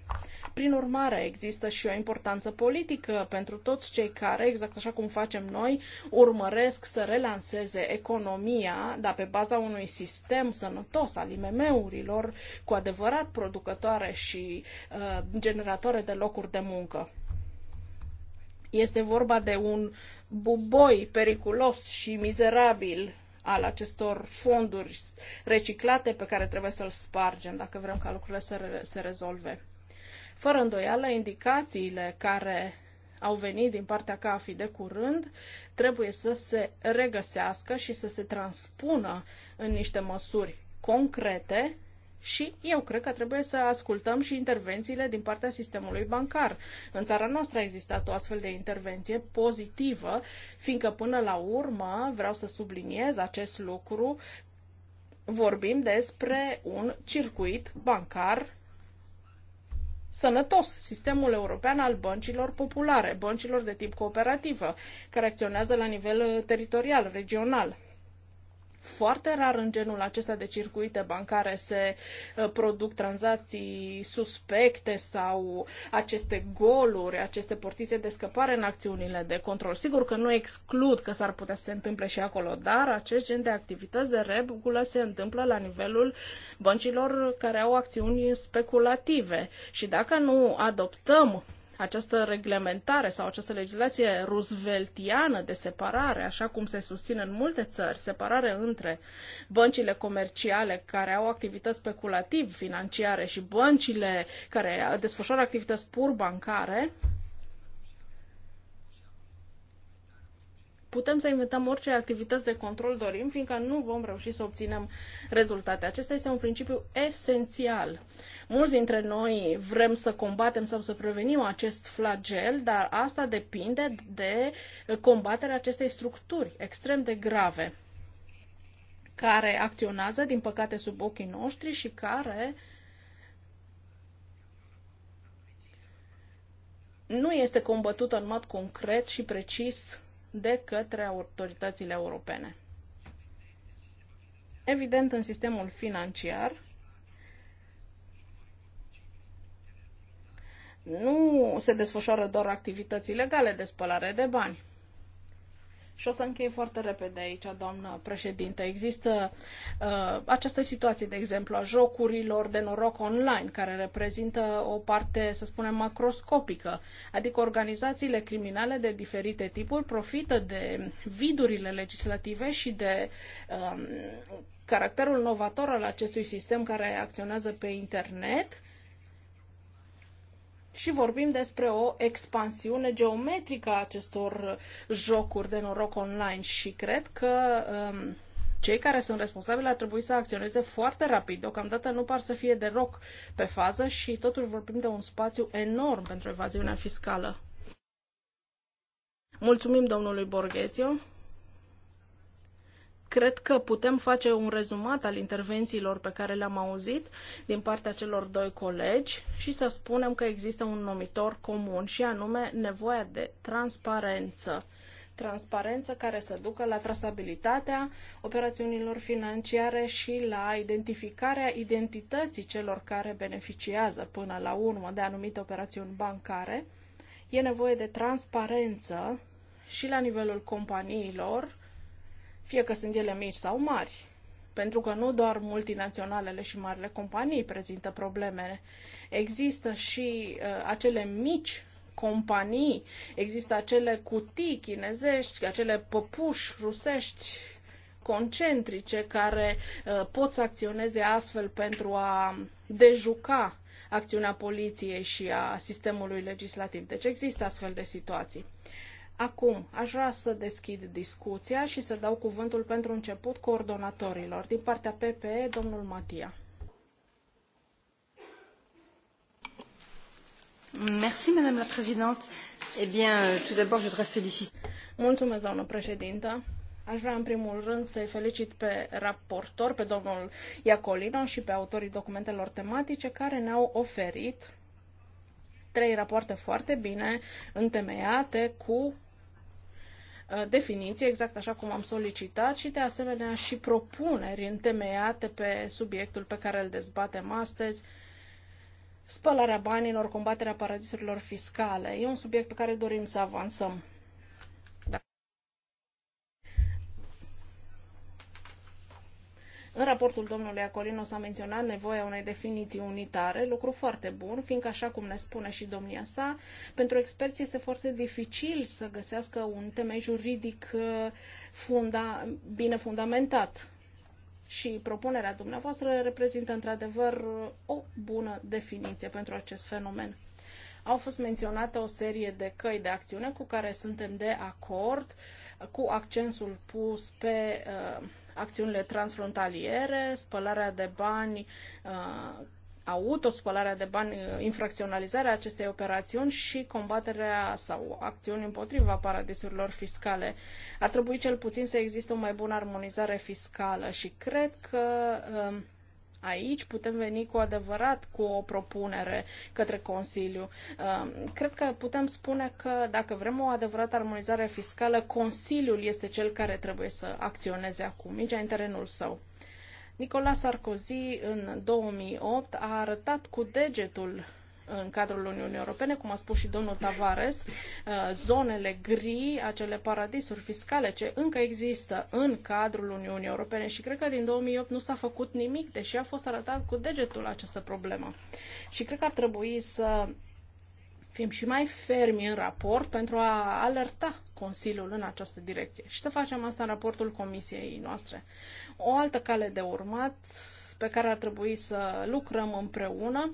Prin urmare, există și o importanță politică pentru toți cei care, exact așa cum facem noi, urmăresc să relanseze economia, dar pe baza unui sistem sănătos al IMM-urilor, cu adevărat producătoare și uh, generatoare de locuri de muncă. Este vorba de un buboi periculos și mizerabil al acestor fonduri reciclate pe care trebuie să-l spargem dacă vrem ca lucrurile să re- se rezolve. Fără îndoială, indicațiile care au venit din partea CAFI de curând, trebuie să se regăsească și să se transpună în niște măsuri concrete și eu cred că trebuie să ascultăm și intervențiile din partea sistemului bancar. În țara noastră a existat o astfel de intervenție pozitivă, fiindcă până la urmă, vreau să subliniez acest lucru, vorbim despre un circuit bancar sănătos, sistemul european al băncilor populare, băncilor de tip cooperativă, care acționează la nivel uh, teritorial, regional. Foarte rar în genul acesta de circuite bancare se uh, produc tranzacții suspecte sau aceste goluri, aceste portițe de scăpare în acțiunile de control. Sigur că nu exclud că s-ar putea să se întâmple și acolo, dar acest gen de activități de regulă se întâmplă la nivelul băncilor care au acțiuni speculative. Și dacă nu adoptăm această reglementare sau această legislație rooseveltiană de separare, așa cum se susține în multe țări, separare între băncile comerciale care au activități speculativ financiare și băncile care desfășoară activități pur bancare, putem să inventăm orice activități de control dorim, fiindcă nu vom reuși să obținem rezultate. Acesta este un principiu esențial. Mulți dintre noi vrem să combatem sau să prevenim acest flagel, dar asta depinde de combaterea acestei structuri extrem de grave care acționează, din păcate, sub ochii noștri și care nu este combătută în mod concret și precis de către autoritățile europene. Evident, în sistemul financiar nu se desfășoară doar activități legale de spălare de bani. Și o să închei foarte repede aici, doamnă președinte. Există uh, această situație, de exemplu, a jocurilor de noroc online, care reprezintă o parte, să spunem, macroscopică. Adică organizațiile criminale de diferite tipuri profită de vidurile legislative și de um, caracterul novator al acestui sistem care acționează pe internet și vorbim despre o expansiune geometrică a acestor jocuri de noroc online și cred că um, cei care sunt responsabili ar trebui să acționeze foarte rapid. Deocamdată nu par să fie de roc pe fază și totuși vorbim de un spațiu enorm pentru evaziunea fiscală. Mulțumim domnului Borghețiu. Cred că putem face un rezumat al intervențiilor pe care le-am auzit din partea celor doi colegi și să spunem că există un numitor comun și anume nevoia de transparență transparență care să ducă la trasabilitatea operațiunilor financiare și la identificarea identității celor care beneficiază până la urmă de anumite operațiuni bancare. E nevoie de transparență și la nivelul companiilor fie că sunt ele mici sau mari. Pentru că nu doar multinaționalele și marile companii prezintă probleme, există și uh, acele mici companii, există acele cutii chinezești, acele păpuși rusești concentrice care uh, pot să acționeze astfel pentru a dejuca acțiunea poliției și a sistemului legislativ. Deci există astfel de situații. Acum, aș vrea să deschid discuția și să dau cuvântul pentru început coordonatorilor. Din partea PPE, domnul Matia. Merci, Madame la Présidente. Eh bien, euh, tout d'abord, je voudrais féliciter. Mulțumesc, doamnă președintă. Aș vrea în primul rând să-i felicit pe raportor, pe domnul Iacolino și pe autorii documentelor tematice care ne-au oferit trei rapoarte foarte bine întemeiate cu Uh, definiție exact așa cum am solicitat, și de asemenea și propuneri întemeiate pe subiectul pe care îl dezbatem astăzi, spălarea banilor, combaterea paradisurilor fiscale. E un subiect pe care dorim să avansăm. În raportul domnului Acolino s-a menționat nevoia unei definiții unitare, lucru foarte bun, fiindcă, așa cum ne spune și domnia sa, pentru experți este foarte dificil să găsească un temei juridic uh, funda, bine fundamentat. Și propunerea dumneavoastră reprezintă într-adevăr o bună definiție pentru acest fenomen. Au fost menționate o serie de căi de acțiune cu care suntem de acord, cu accentul pus pe uh, acțiunile transfrontaliere, spălarea de bani, uh, autospălarea de bani, uh, infracționalizarea acestei operațiuni și combaterea sau acțiuni împotriva paradisurilor fiscale. Ar trebui cel puțin să existe o mai bună armonizare fiscală și cred că uh, Aici putem veni cu adevărat cu o propunere către Consiliu. Um, cred că putem spune că dacă vrem o adevărată armonizare fiscală, Consiliul este cel care trebuie să acționeze acum, nici în terenul său. Nicolas Sarkozy în 2008 a arătat cu degetul în cadrul Uniunii Europene, cum a spus și domnul Tavares, uh, zonele gri, acele paradisuri fiscale ce încă există în cadrul Uniunii Europene și cred că din 2008 nu s-a făcut nimic, deși a fost arătat cu degetul această problemă. Și cred că ar trebui să fim și mai fermi în raport pentru a alerta Consiliul în această direcție și să facem asta în raportul comisiei noastre. O altă cale de urmat pe care ar trebui să lucrăm împreună.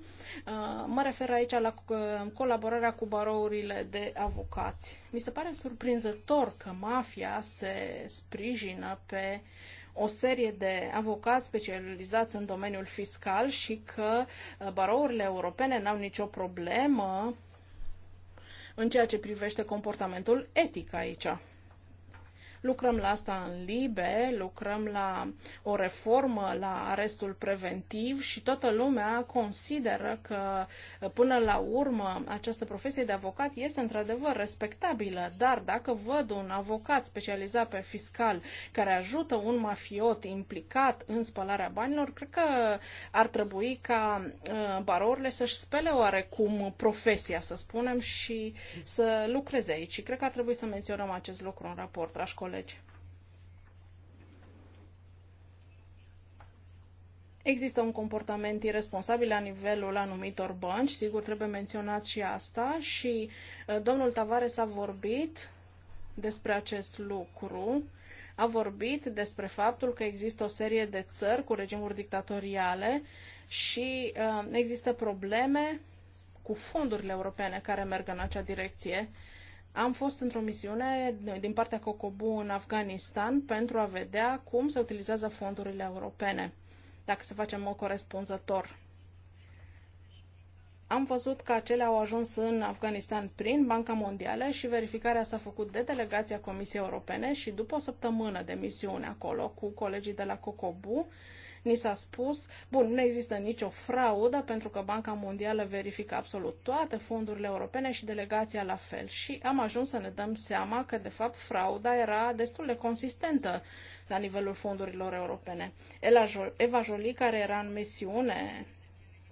Uh, mă refer aici la uh, colaborarea cu barourile de avocați. Mi se pare surprinzător că mafia se sprijină pe o serie de avocați specializați în domeniul fiscal și că uh, barourile europene n-au nicio problemă în ceea ce privește comportamentul etic aici. Lucrăm la asta în Libe, lucrăm la o reformă la arestul preventiv și toată lumea consideră că până la urmă această profesie de avocat este într-adevăr respectabilă, dar dacă văd un avocat specializat pe fiscal care ajută un mafiot implicat în spălarea banilor, cred că ar trebui ca uh, barourile să-și spele oarecum profesia, să spunem, și să lucreze aici. Și cred că ar trebui să menționăm acest lucru în raport, dragi colegi colegi. Există un comportament irresponsabil la nivelul anumitor bănci, sigur trebuie menționat și asta și uh, domnul Tavares a vorbit despre acest lucru, a vorbit despre faptul că există o serie de țări cu regimuri dictatoriale și uh, există probleme cu fondurile europene care merg în acea direcție. Uh, am fost într-o misiune din partea Cocobu în Afganistan pentru a vedea cum se utilizează fondurile europene, dacă se face în mod corespunzător. Am văzut că acelea au ajuns în Afganistan prin Banca Mondială și verificarea s-a făcut de delegația Comisiei Europene și după o săptămână de misiune acolo cu colegii de la Cocobu, Ni s-a spus, bun, nu există nicio fraudă pentru că Banca Mondială verifică absolut toate fondurile europene și delegația la fel. Și am ajuns să ne dăm seama că, de fapt, frauda era destul de consistentă la nivelul fondurilor europene. Eva Jolie, care era în misiune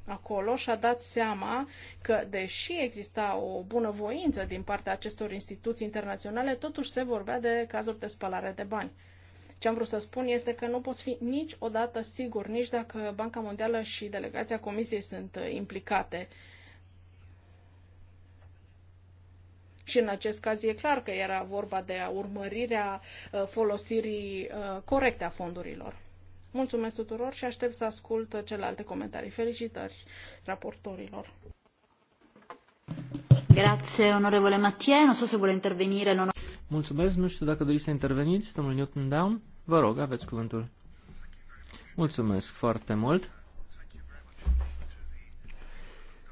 acolo și a dat seama că, deși exista o bunăvoință din partea acestor instituții internaționale, totuși se vorbea de cazuri de spălare de bani. Ce am vrut să spun este că nu poți fi niciodată sigur, nici dacă Banca Mondială și delegația Comisiei sunt uh, implicate. Și în acest caz e clar că era vorba de urmărirea uh, folosirii uh, corecte a fondurilor. Mulțumesc tuturor și aștept să ascult celelalte comentarii. Felicitări raportorilor. Grazie, onorevole Mattia. Non so se vuole intervenire. Non... Mulțumesc. Nu știu dacă doriți să interveniți, domnul Newton Down. Vă rog, aveți cuvântul. Mulțumesc foarte mult.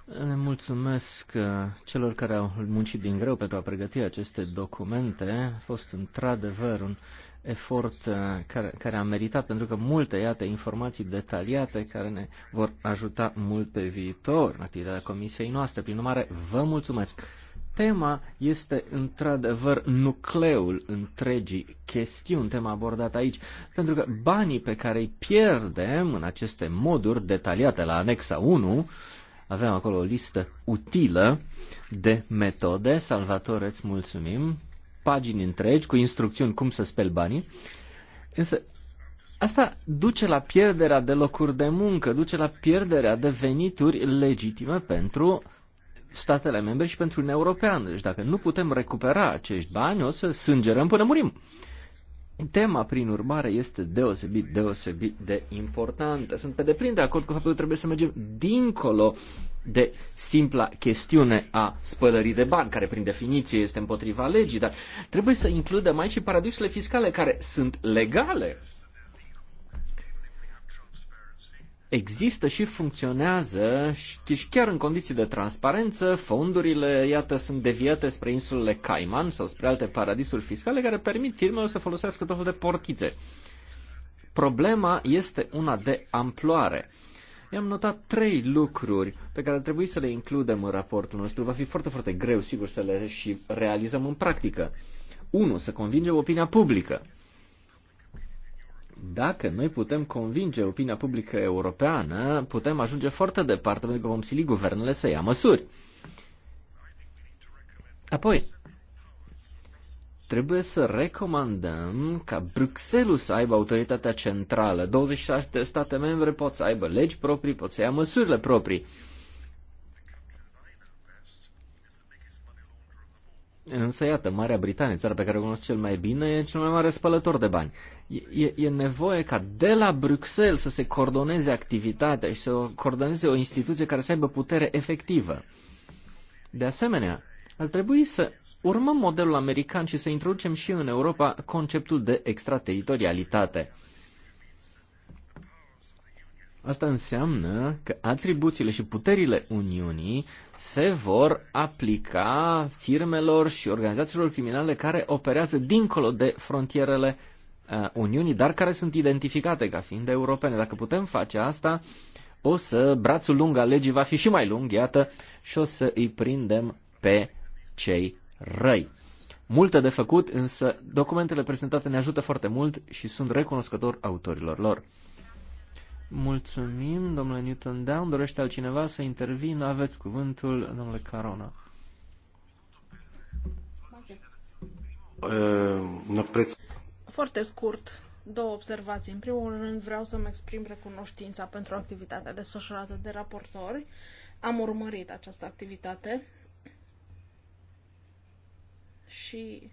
Le mulțumesc uh, celor care au muncit din greu pentru a pregăti aceste documente. A fost într-adevăr un efort uh, care, care a meritat pentru că multe, iată, informații detaliate care ne vor ajuta mult pe viitor în activitatea comisiei noastre. Prin urmare, vă mulțumesc! tema este într-adevăr nucleul întregii chestiuni, tema abordată aici, pentru că banii pe care îi pierdem în aceste moduri detaliate la anexa 1, avem acolo o listă utilă de metode, Salvatore, îți mulțumim, pagini întregi cu instrucțiuni cum să speli banii, însă Asta duce la pierderea de locuri de muncă, duce la pierderea de venituri legitime pentru statele membre și pentru Uniunea Europeană. Deci dacă nu putem recupera acești bani, o să sângerăm până murim. Tema, prin urmare, este deosebit, deosebit de importantă. Sunt pe deplin de acord cu faptul că trebuie să mergem dincolo de simpla chestiune a spălării de bani, care prin definiție este împotriva legii, dar trebuie să includem aici și paradisurile fiscale care sunt legale există și funcționează și chiar în condiții de transparență, fondurile, iată, sunt deviate spre insulele Cayman sau spre alte paradisuri fiscale care permit firmelor să folosească tot de portițe. Problema este una de amploare. I-am notat trei lucruri pe care ar trebui să le includem în raportul nostru. Va fi foarte, foarte greu, sigur, să le și realizăm în practică. 1. Să convingem opinia publică. Dacă noi putem convinge opinia publică europeană, putem ajunge foarte departe pentru că vom sili guvernele să ia măsuri. Apoi, trebuie să recomandăm ca Bruxelles să aibă autoritatea centrală. 26 de state membre pot să aibă legi proprii, pot să ia măsurile proprii. Însă, iată, Marea Britanie, țara pe care o cunosc cel mai bine, e cel mai mare spălător de bani. E, e nevoie ca de la Bruxelles să se coordoneze activitatea și să coordoneze o instituție care să aibă putere efectivă. De asemenea, ar trebui să urmăm modelul american și să introducem și în Europa conceptul de extrateritorialitate. Asta înseamnă că atribuțiile și puterile Uniunii se vor aplica firmelor și organizațiilor criminale care operează dincolo de frontierele uh, Uniunii, dar care sunt identificate ca fiind europene. Dacă putem face asta, o să brațul lung al legii va fi și mai lung, iată, și o să îi prindem pe cei răi. Multe de făcut, însă documentele prezentate ne ajută foarte mult și sunt recunoscător autorilor lor. Mulțumim, domnule Newton Down. Dorește altcineva să intervină? Aveți cuvântul, domnule Carona. Uh, Foarte scurt, două observații. În primul rând vreau să-mi exprim recunoștința pentru activitatea desfășurată de raportori. Am urmărit această activitate și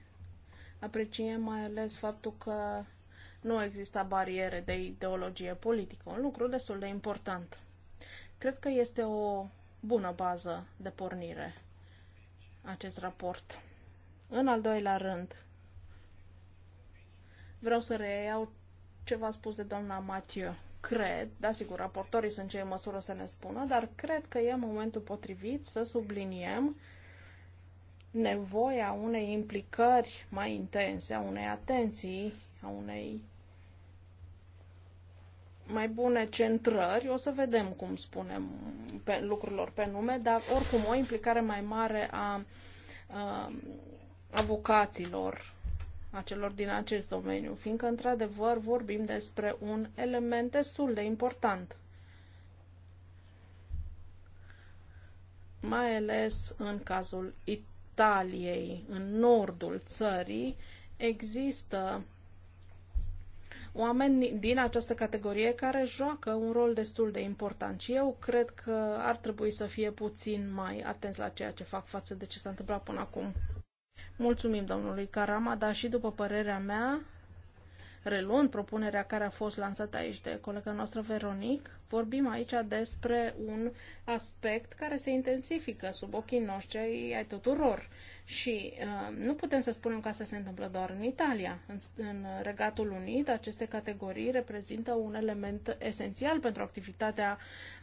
apreciem mai ales faptul că nu exista bariere de ideologie politică, un lucru destul de important. Cred că este o bună bază de pornire acest raport. În al doilea rând, vreau să reiau ce v-a spus de doamna Mathieu. Cred, da, sigur, raportorii sunt cei în măsură să ne spună, dar cred că e momentul potrivit să subliniem nevoia unei implicări mai intense, a unei atenții a unei mai bune centrări, o să vedem cum spunem pe, lucrurilor pe nume, dar oricum o implicare mai mare a, a avocaților, a celor din acest domeniu, fiindcă într-adevăr vorbim despre un element destul de important. Mai ales în cazul Italiei, în nordul țării, există oameni din această categorie care joacă un rol destul de important și eu cred că ar trebui să fie puțin mai atenți la ceea ce fac față de ce s-a întâmplat până acum. Mulțumim domnului Carama, dar și după părerea mea, reluând propunerea care a fost lansată aici de colega noastră Veronic, vorbim aici despre un aspect care se intensifică sub ochii noștri ai tuturor. Și uh, nu putem să spunem că asta se întâmplă doar în Italia. În, în Regatul Unit, aceste categorii reprezintă un element esențial pentru activitatea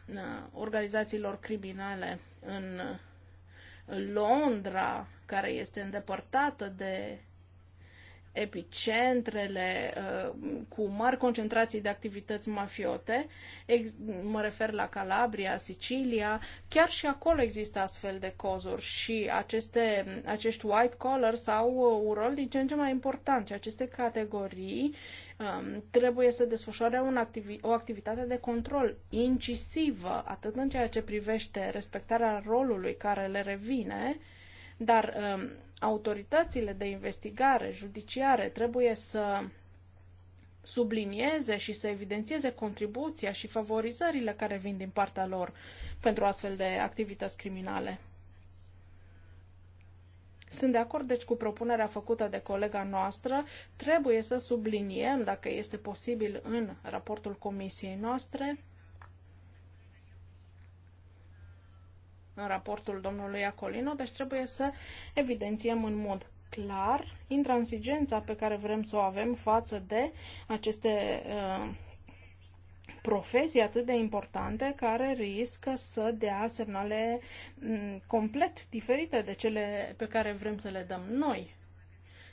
uh, organizațiilor criminale în Londra, care este îndepărtată de epicentrele uh, cu mari concentrații de activități mafiote, mă refer la Calabria, Sicilia, chiar și acolo există astfel de cozuri și aceste, acești white collars au uh, un rol din ce în ce mai important și aceste categorii um, trebuie să desfășoare un activi- o activitate de control incisivă, atât în ceea ce privește respectarea rolului care le revine, dar um, autoritățile de investigare judiciare trebuie să sublinieze și să evidențieze contribuția și favorizările care vin din partea lor pentru astfel de activități criminale. Sunt de acord, deci, cu propunerea făcută de colega noastră. Trebuie să subliniem, dacă este posibil, în raportul comisiei noastre, în raportul domnului Acolino, deci trebuie să evidențiem în mod clar intransigența pe care vrem să o avem față de aceste uh, profesii atât de importante care riscă să dea semnale mm, complet diferite de cele pe care vrem să le dăm noi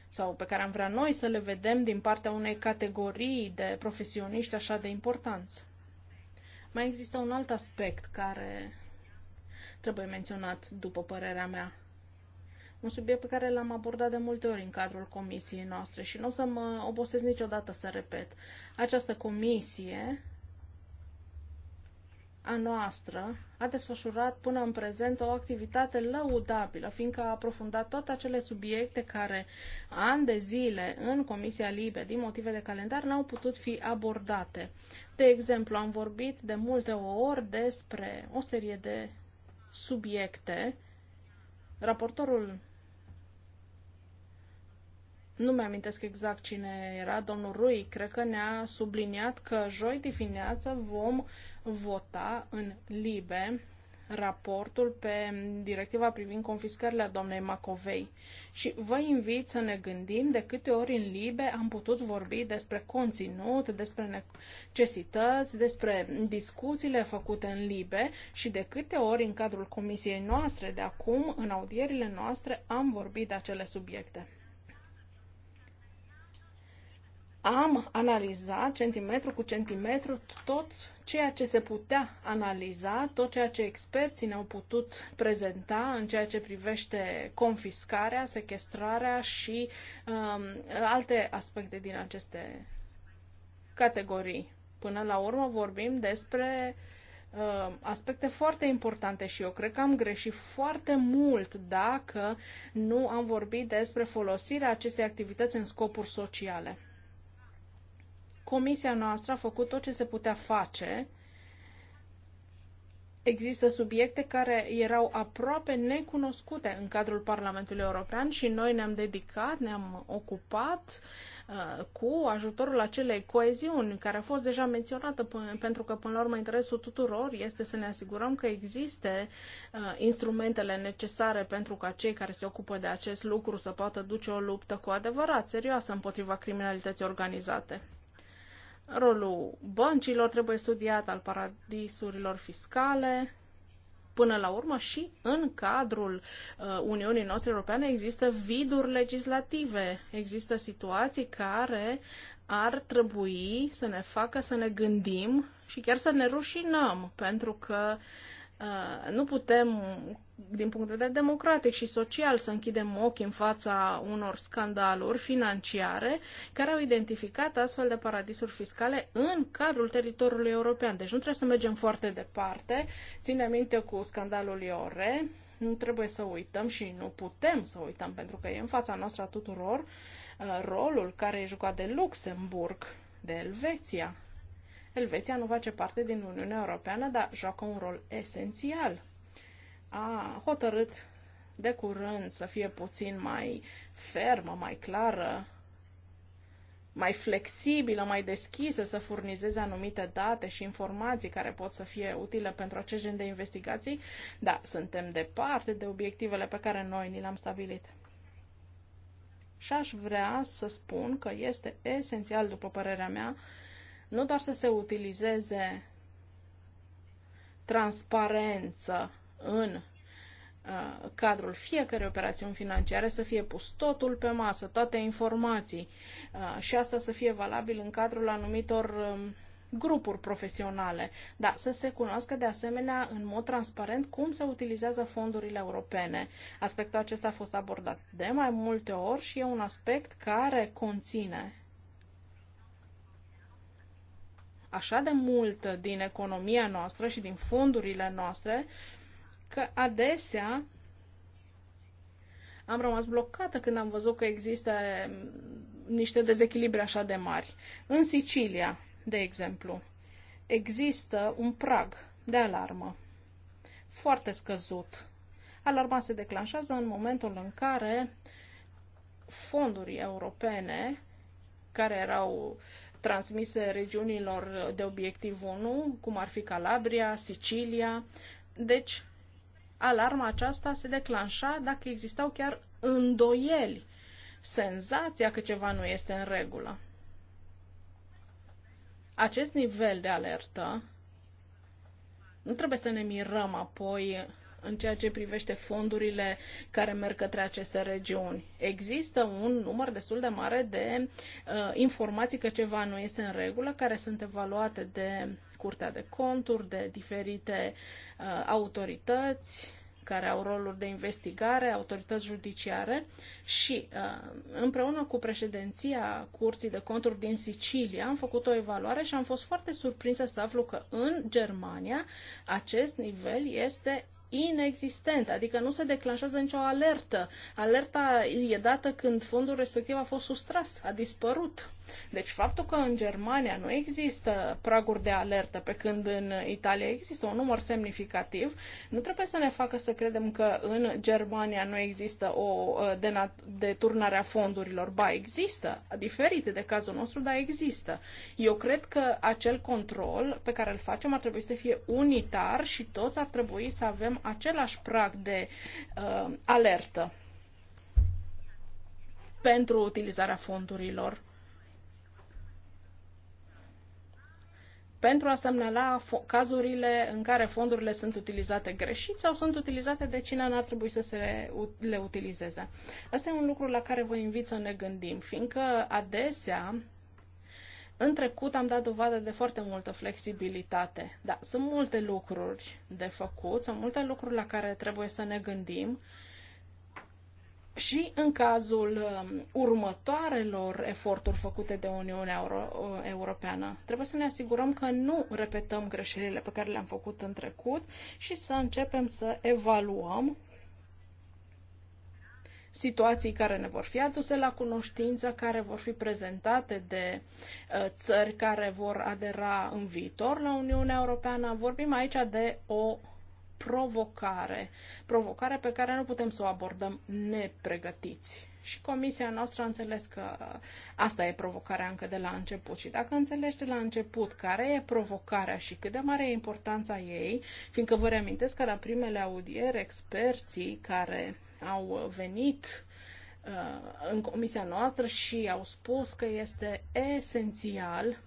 sau pe care am vrea noi să le vedem din partea unei categorii de profesioniști așa de importanți. Mai există un alt aspect care trebuie menționat, după părerea mea. Un subiect pe care l-am abordat de multe ori în cadrul comisiei noastre și nu o să mă obosesc niciodată să repet. Această comisie a noastră a desfășurat până în prezent o activitate lăudabilă, fiindcă a aprofundat toate acele subiecte care ani de zile în Comisia Libe, din motive de calendar, n-au putut fi abordate. De exemplu, am vorbit de multe ori despre o serie de subiecte. Raportorul nu mi-amintesc exact cine era, domnul Rui, cred că ne-a subliniat că joi dimineață vom vota în Libe raportul pe directiva privind confiscările a doamnei Macovei și vă invit să ne gândim de câte ori în libe am putut vorbi despre conținut, despre necesități, despre discuțiile făcute în libe și de câte ori în cadrul comisiei noastre de acum, în audierile noastre, am vorbit de acele subiecte am analizat centimetru cu centimetru tot ceea ce se putea analiza, tot ceea ce experții ne-au putut prezenta în ceea ce privește confiscarea, sequestrarea și um, alte aspecte din aceste categorii. Până la urmă vorbim despre um, aspecte foarte importante și eu cred că am greșit foarte mult dacă nu am vorbit despre folosirea acestei activități în scopuri sociale. Comisia noastră a făcut tot ce se putea face. Există subiecte care erau aproape necunoscute în cadrul Parlamentului European și noi ne-am dedicat, ne-am ocupat uh, cu ajutorul acelei coeziuni care a fost deja menționată, pentru că, până la urmă, interesul tuturor este să ne asigurăm că există uh, instrumentele necesare pentru ca cei care se ocupă de acest lucru să poată duce o luptă cu adevărat serioasă împotriva criminalității organizate. Rolul băncilor trebuie studiat, al paradisurilor fiscale, până la urmă și în cadrul uh, Uniunii noastre europene există viduri legislative, există situații care ar trebui să ne facă să ne gândim și chiar să ne rușinăm, pentru că uh, nu putem din punct de vedere democratic și social să închidem ochii în fața unor scandaluri financiare care au identificat astfel de paradisuri fiscale în cadrul teritoriului european. Deci nu trebuie să mergem foarte departe. Ține minte cu scandalul IORE, nu trebuie să uităm și nu putem să uităm, pentru că e în fața noastră a tuturor uh, rolul care e jucat de Luxemburg, de Elveția. Elveția nu face parte din Uniunea Europeană, dar joacă un rol esențial a hotărât de curând să fie puțin mai fermă, mai clară, mai flexibilă, mai deschisă, să furnizeze anumite date și informații care pot să fie utile pentru acest gen de investigații, da, suntem departe de obiectivele pe care noi ni le-am stabilit. Și aș vrea să spun că este esențial, după părerea mea, nu doar să se utilizeze transparență în uh, cadrul fiecărei operațiuni financiare să fie pus totul pe masă, toate informații uh, și asta să fie valabil în cadrul anumitor um, grupuri profesionale, dar să se cunoască de asemenea în mod transparent cum se utilizează fondurile europene. Aspectul acesta a fost abordat de mai multe ori și e un aspect care conține așa de mult din economia noastră și din fondurile noastre uh, că adesea am rămas blocată când am văzut că există mm, niște dezechilibre așa de mari. În Sicilia, de exemplu, există un prag de alarmă foarte scăzut. Alarma se declanșează în momentul în care fonduri europene care erau transmise regiunilor de obiectiv 1, cum ar fi Calabria, Sicilia, deci alarma aceasta se declanșa dacă existau chiar îndoieli, senzația că ceva nu este în regulă. Acest nivel de alertă nu trebuie să ne mirăm apoi în ceea ce privește fondurile care merg către aceste regiuni. Există un număr destul de mare de uh, informații că ceva nu este în regulă, care sunt evaluate de Curtea de Conturi, de diferite uh, autorități care au roluri de investigare, autorități judiciare și uh, împreună cu președinția Curții de Conturi din Sicilia am făcut o evaluare și am fost foarte surprinsă să aflu că în Germania acest nivel este inexistent, adică nu se declanșează nicio alertă. Alerta e dată când fondul respectiv a fost sustras, a dispărut. Deci faptul că în Germania nu există praguri de alertă, pe când în Italia există un număr semnificativ, nu trebuie să ne facă să credem că în Germania nu există o uh, deturnare a fondurilor. Ba, există, diferite de cazul nostru, dar există. Eu cred că acel control pe care îl facem ar trebui să fie unitar și toți ar trebui să avem același prag de uh, alertă pentru utilizarea fondurilor. Pentru a semnala cazurile în care fondurile sunt utilizate greșit sau sunt utilizate de cine n-ar trebui să se le utilizeze. Asta e un lucru la care vă invit să ne gândim, fiindcă adesea în trecut am dat dovadă de foarte multă flexibilitate. Da, sunt multe lucruri de făcut, sunt multe lucruri la care trebuie să ne gândim. Și în cazul um, următoarelor eforturi făcute de Uniunea Euro- uh, Europeană, trebuie să ne asigurăm că nu repetăm greșelile pe care le-am făcut în trecut și să începem să evaluăm situații care ne vor fi aduse la cunoștință, care vor fi prezentate de uh, țări care vor adera în viitor la Uniunea Europeană. Vorbim aici de o provocare, provocare pe care nu putem să o abordăm nepregătiți. Și comisia noastră a înțeles că asta e provocarea încă de la început. Și dacă înțelegi de la început care e provocarea și cât de mare e importanța ei, fiindcă vă reamintesc că la primele audieri, experții care au venit uh, în comisia noastră și au spus că este esențial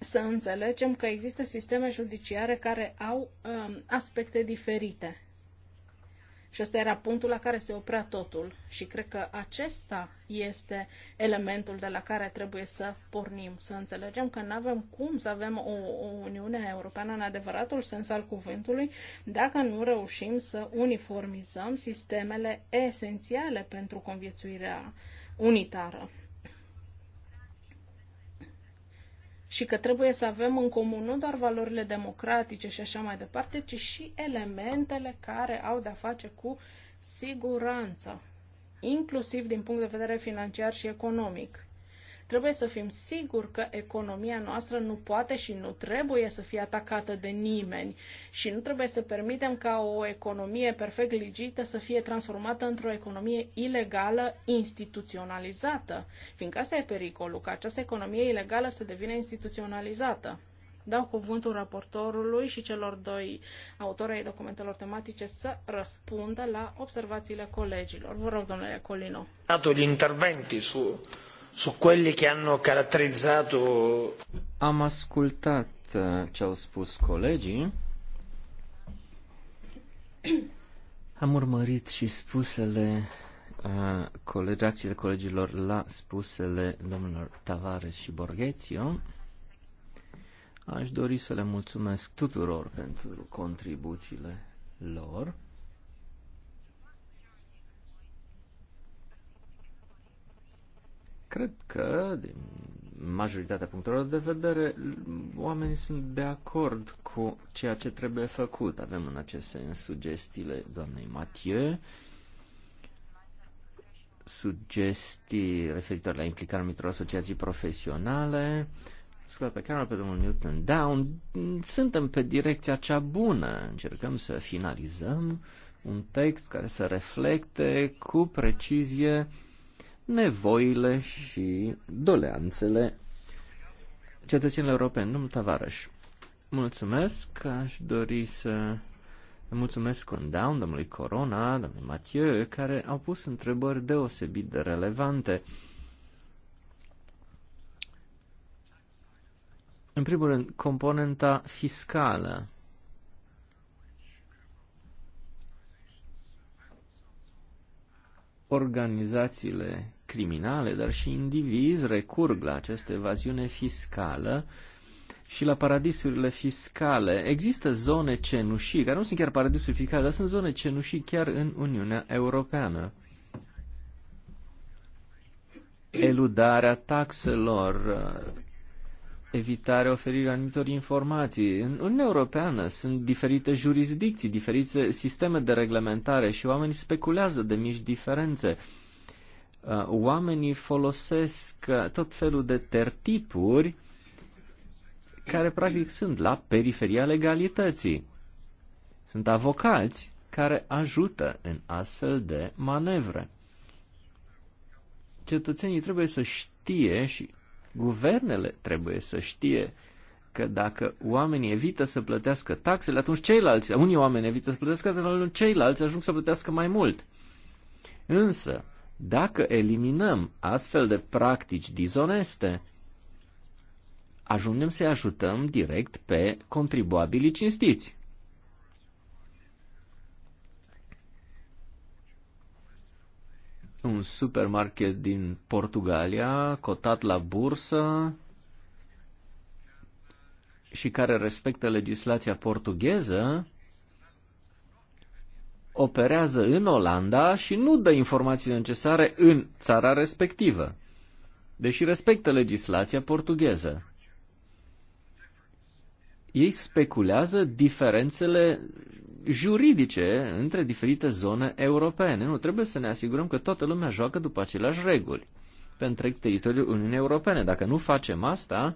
să înțelegem că există sisteme judiciare care au um, aspecte diferite. Și ăsta era punctul la care se oprea totul. Și cred că acesta este elementul de la care trebuie să pornim, să înțelegem că nu avem cum să avem o, o Uniune Europeană în adevăratul sens al cuvântului dacă nu reușim să uniformizăm sistemele esențiale pentru conviețuirea unitară și că trebuie să avem în comun nu doar valorile democratice și așa mai departe, ci și elementele care au de-a face cu siguranța, inclusiv din punct de vedere financiar și economic. Trebuie să fim siguri că economia noastră nu poate și nu trebuie să fie atacată de nimeni și nu trebuie să permitem ca o economie perfect legită să fie transformată într-o economie ilegală instituționalizată, fiindcă asta e pericolul, că această economie ilegală să devină instituționalizată. Dau cuvântul raportorului și celor doi autori ai documentelor tematice să răspundă la observațiile colegilor. Vă rog, domnule Colino. Datul interventi su su quelli che hanno caratterizzato. Am ascultat uh, ce au spus colegii. Am urmărit și spusele uh, colegațiile colegilor la spusele domnilor Tavares și Borghețio. Aș dori să le mulțumesc tuturor pentru contribuțiile lor. Cred că, din majoritatea punctelor de vedere, oamenii sunt de acord cu ceea ce trebuie făcut. Avem în acest sens sugestiile doamnei Mathieu, sugestii referitor la implicarea într asociații profesionale, scoate pe care pe domnul Newton Down, da, suntem pe direcția cea bună. Încercăm să finalizăm un text care să reflecte cu precizie uh, nevoile și doleanțele cetățenilor europeni. Domnul Tavares, mulțumesc, aș dori să mulțumesc Condown, domnului Corona, domnului Mathieu, care au pus întrebări deosebit de relevante. În primul rând, componenta fiscală organizațiile criminale, dar și indivizi recurg la această evaziune fiscală și la paradisurile fiscale. Există zone cenușii, care nu sunt chiar paradisuri fiscale, dar sunt zone cenușii chiar în Uniunea Europeană. Eludarea taxelor, evitarea oferirii anumitor informații. În Uniunea Europeană sunt diferite jurisdicții, diferite sisteme de reglementare și oamenii speculează de mici diferențe. Uh, oamenii folosesc uh, tot felul de tertipuri care practic sunt la periferia legalității. Sunt avocați care ajută în astfel de manevre. Cetățenii trebuie să știe și Guvernele trebuie să știe că dacă oamenii evită să plătească taxele, atunci ceilalți, unii oameni evită să plătească, atunci ceilalți ajung să plătească mai mult. Însă, dacă eliminăm astfel de practici dizoneste, ajungem să-i ajutăm direct pe contribuabilii cinstiți. un supermarket din Portugalia, cotat la bursă și care respectă legislația portugheză, operează în Olanda și nu dă informații necesare în țara respectivă, deși respectă legislația portugheză. Ei speculează diferențele juridice între diferite zone europene. Nu, trebuie să ne asigurăm că toată lumea joacă după aceleași reguli pe întreg teritoriul Uniunii Europene. Dacă nu facem asta,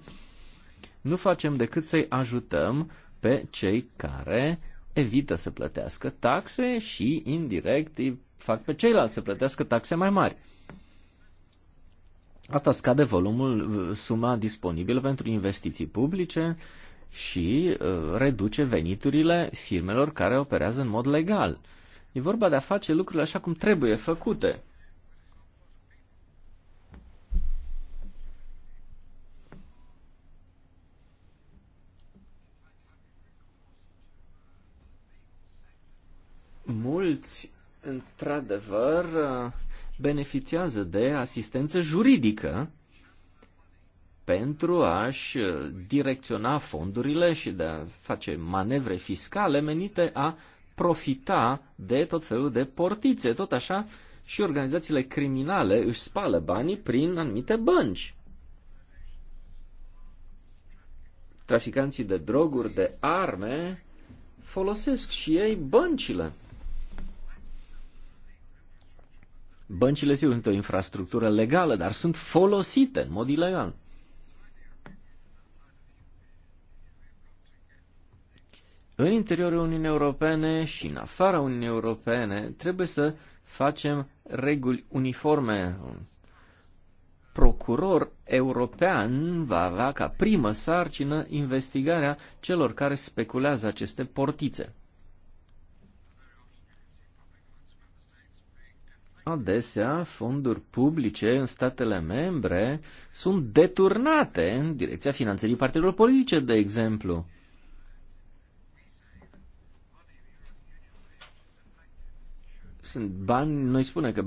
nu facem decât să-i ajutăm pe cei care evită să plătească taxe și, indirect, îi fac pe ceilalți să plătească taxe mai mari. Asta scade volumul, suma disponibilă pentru investiții publice, uh, și uh, reduce veniturile firmelor care operează în mod legal. E vorba de a face lucrurile așa cum trebuie făcute. Mulți, într-adevăr, uh, beneficiază de asistență juridică pentru a-și uh, direcționa fondurile și de a face manevre fiscale menite a profita de tot felul de portițe. Tot așa și organizațiile criminale își spală banii prin anumite bănci. Traficanții de droguri, de arme, folosesc și ei băncile. Băncile, sigur, sunt o infrastructură legală, dar sunt folosite în mod ilegal. în interiorul Uniunii Europene și în afara Uniunii Europene trebuie să facem reguli uniforme. Un procuror european va avea ca primă sarcină investigarea celor care speculează aceste portițe. Adesea, fonduri publice în statele membre sunt deturnate în direcția finanțării partidelor politice, de exemplu. sunt bani, noi spunem că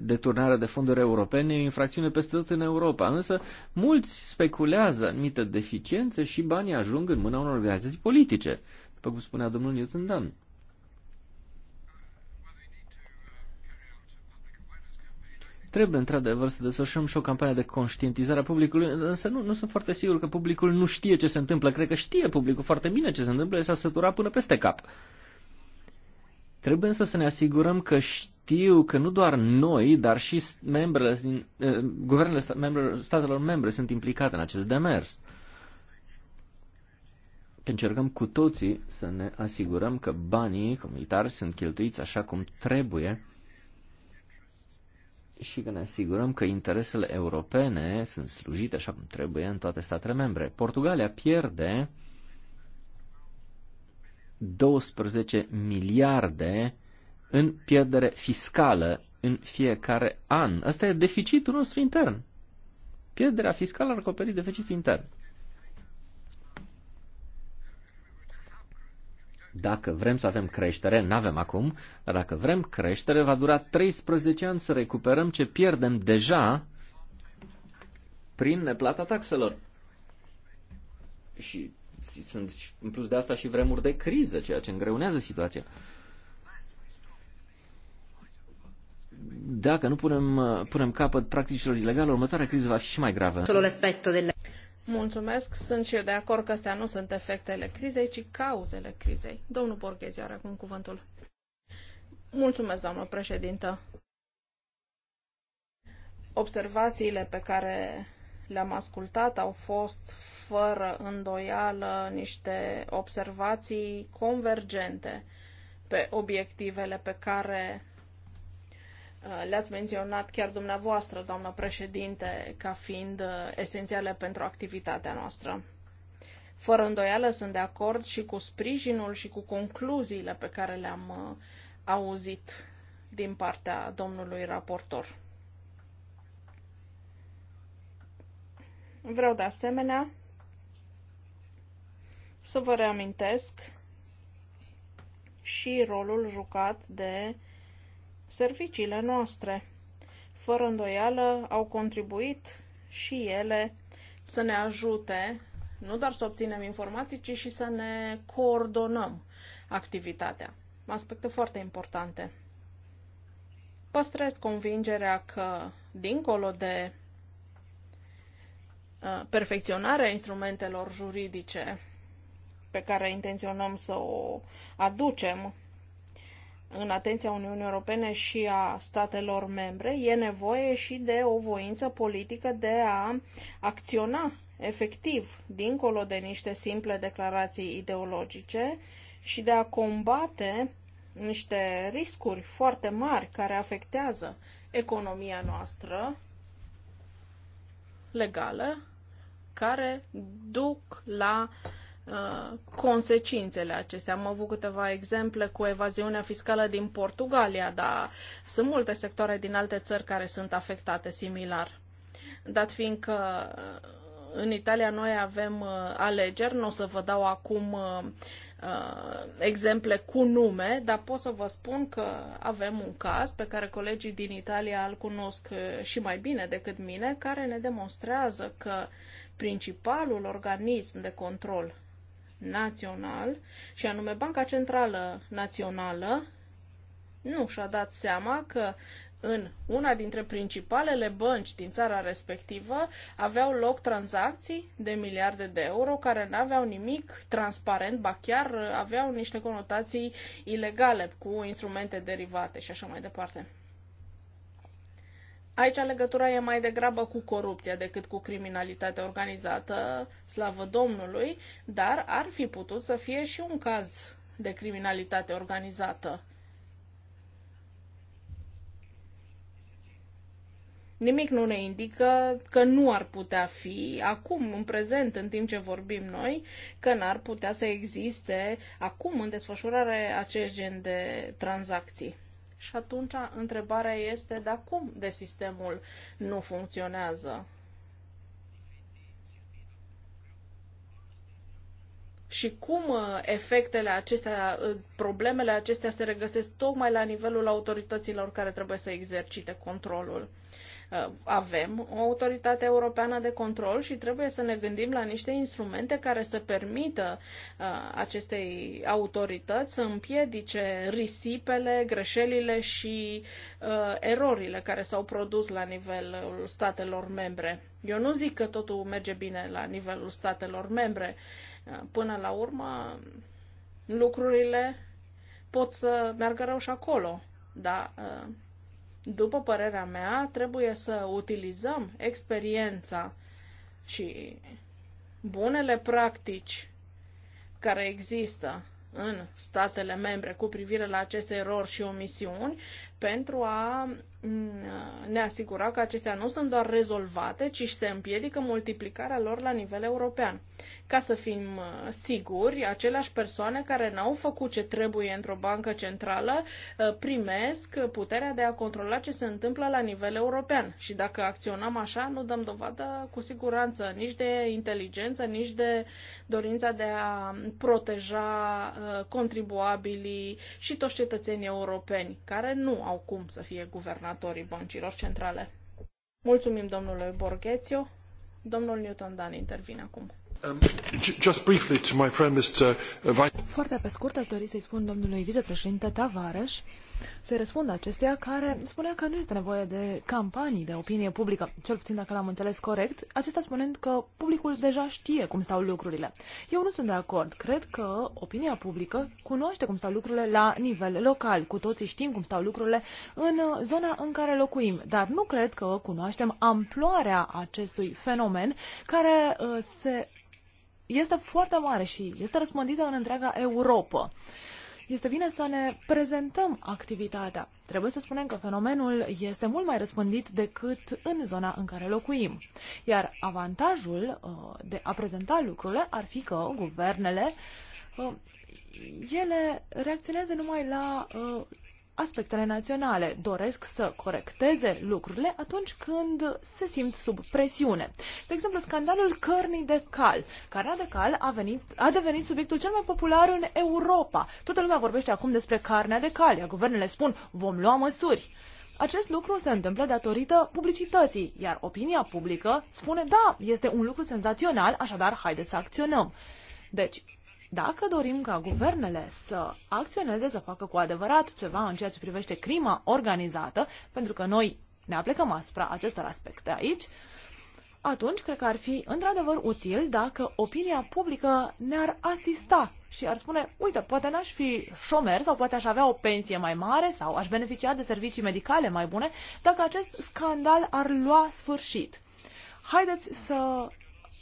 deturnarea de fonduri europene e o infracțiune peste tot în Europa, însă mulți speculează anumite deficiențe și banii ajung în mâna unor organizații politice, după cum spunea domnul Newton Dunn. Trebuie într-adevăr să desfășurăm și o campanie de conștientizare a publicului, însă nu, nu sunt foarte sigur că publicul nu știe ce se întâmplă. Cred că știe publicul foarte bine ce se întâmplă și s-a săturat până peste cap. Uh, Trebuie însă să ne asigurăm că știu că nu doar noi, dar și membrele din, uh, guvernele sta, membrele, statelor membre sunt implicate în acest demers. Încercăm cu toții să ne asigurăm că banii comunitari sunt cheltuiți așa cum trebuie și că ne asigurăm că interesele europene sunt slujite așa cum trebuie în toate statele membre. Portugalia pierde 12 miliarde în pierdere fiscală în fiecare an. Asta e deficitul nostru intern. Pierderea fiscală ar acoperi deficitul intern. Dacă vrem să avem creștere, nu avem acum, dar dacă vrem creștere, va dura 13 ani să recuperăm ce pierdem deja prin neplata taxelor. Și sunt în plus de asta și vremuri de criză, ceea ce îngreunează situația. Dacă nu punem, punem capăt practicilor ilegale, următoarea criză va fi și mai gravă. Mulțumesc, sunt și eu de acord că astea nu sunt efectele crizei, ci cauzele crizei. Domnul Borghezi are acum cuvântul. Mulțumesc, doamnă președintă. Observațiile pe care le-am ascultat, au fost fără îndoială niște observații convergente pe obiectivele pe care uh, le-ați menționat chiar dumneavoastră, doamnă președinte, ca fiind uh, esențiale pentru activitatea noastră. Fără îndoială sunt de acord și cu sprijinul și cu concluziile pe care le-am uh, auzit din partea domnului raportor. Vreau de asemenea să vă reamintesc și rolul jucat de serviciile noastre. Fără îndoială au contribuit și ele să ne ajute nu doar să obținem informații, ci și să ne coordonăm activitatea. Aspecte foarte importante. Păstrez convingerea că, dincolo de Uh, perfecționarea instrumentelor juridice pe care intenționăm să o aducem în atenția Uniunii Europene și a statelor membre, e nevoie și de o voință politică de a acționa efectiv, dincolo de niște simple declarații ideologice și de a combate niște riscuri foarte mari care afectează economia noastră legală care duc la uh, consecințele acestea. Am avut câteva exemple cu evaziunea fiscală din Portugalia, dar sunt multe sectoare din alte țări care sunt afectate similar. Dat fiindcă uh, în Italia noi avem uh, alegeri, nu o să vă dau acum uh, Uh, exemple cu nume, dar pot să vă spun că avem un caz pe care colegii din Italia îl cunosc uh, și mai bine decât mine, care ne demonstrează că principalul organism de control național, și anume Banca Centrală Națională, nu și-a dat seama că în una dintre principalele bănci din țara respectivă aveau loc tranzacții de miliarde de euro care n-aveau nimic transparent, ba chiar uh, aveau niște conotații ilegale cu instrumente derivate și așa mai departe. Aici legătura e mai degrabă cu corupția decât cu criminalitatea organizată, slavă Domnului, dar ar fi putut să fie și un caz de criminalitate organizată Nimic nu ne indică că nu ar putea fi acum, în prezent, în timp ce vorbim noi, că n-ar putea să existe acum în desfășurare acest gen de tranzacții. Și atunci întrebarea este, dar cum de sistemul nu funcționează? și cum uh, efectele acestea, uh, problemele acestea se regăsesc tocmai la nivelul autorităților care trebuie să exercite controlul. Uh, avem o autoritate europeană de control și trebuie să ne gândim la niște instrumente care să permită uh, acestei autorități să împiedice risipele, greșelile și uh, erorile care s-au produs la nivelul statelor membre. Eu nu zic că totul merge bine la nivelul statelor membre. Până la urmă, lucrurile pot să meargă rău și acolo, dar după părerea mea, trebuie să utilizăm experiența și bunele practici care există în statele membre cu privire la aceste erori și omisiuni pentru a mm, ne asigura că acestea nu sunt doar rezolvate, ci și se împiedică multiplicarea lor la nivel european. Ca să fim uh, siguri, aceleași persoane care n-au făcut ce trebuie într-o bancă centrală uh, primesc puterea de a controla ce se întâmplă la nivel european. Și dacă acționăm așa, nu dăm dovadă cu siguranță nici de inteligență, nici de dorința de a proteja uh, contribuabilii și toți cetățenii europeni care nu au cum să fie guvernatorii băncilor centrale. Mulțumim domnului Borghețiu. Domnul Newton Dan intervine acum. Foarte pe scurt aș dori să-i spun domnului vicepreședinte Tavares să-i răspund acestuia care spunea că nu este nevoie de campanii de opinie publică, cel puțin dacă l-am înțeles corect, acesta spunând că publicul deja știe cum stau lucrurile. Eu nu sunt de acord. Cred că opinia publică cunoaște cum stau lucrurile la nivel local. Cu toții știm cum stau lucrurile în uh, zona în care locuim, dar nu cred că cunoaștem amploarea acestui fenomen care uh, se este foarte mare și este răspândită în întreaga Europa. Este bine să ne prezentăm activitatea. Trebuie să spunem că fenomenul este mult mai răspândit decât în zona în care locuim. Iar avantajul uh, de a prezenta lucrurile ar fi că guvernele uh, ele reacționează numai la uh, aspectele naționale, doresc să corecteze lucrurile atunci când se simt sub presiune. De exemplu, scandalul cărnii de cal. Carnea de cal a, venit, a devenit subiectul cel mai popular în Europa. Toată lumea vorbește acum despre carnea de cal, iar guvernele spun vom lua măsuri. Acest lucru se întâmplă datorită publicității, iar opinia publică spune da, este un lucru senzațional, așadar haideți să acționăm. Deci, dacă dorim ca guvernele să acționeze, să facă cu adevărat ceva în ceea ce privește crima organizată, pentru că noi ne aplicăm asupra acestor aspecte aici, atunci cred că ar fi într-adevăr util dacă opinia publică ne-ar asista și ar spune, uite, poate n-aș fi șomer sau poate aș avea o pensie mai mare sau aș beneficia de servicii medicale mai bune dacă acest scandal ar lua sfârșit. Haideți să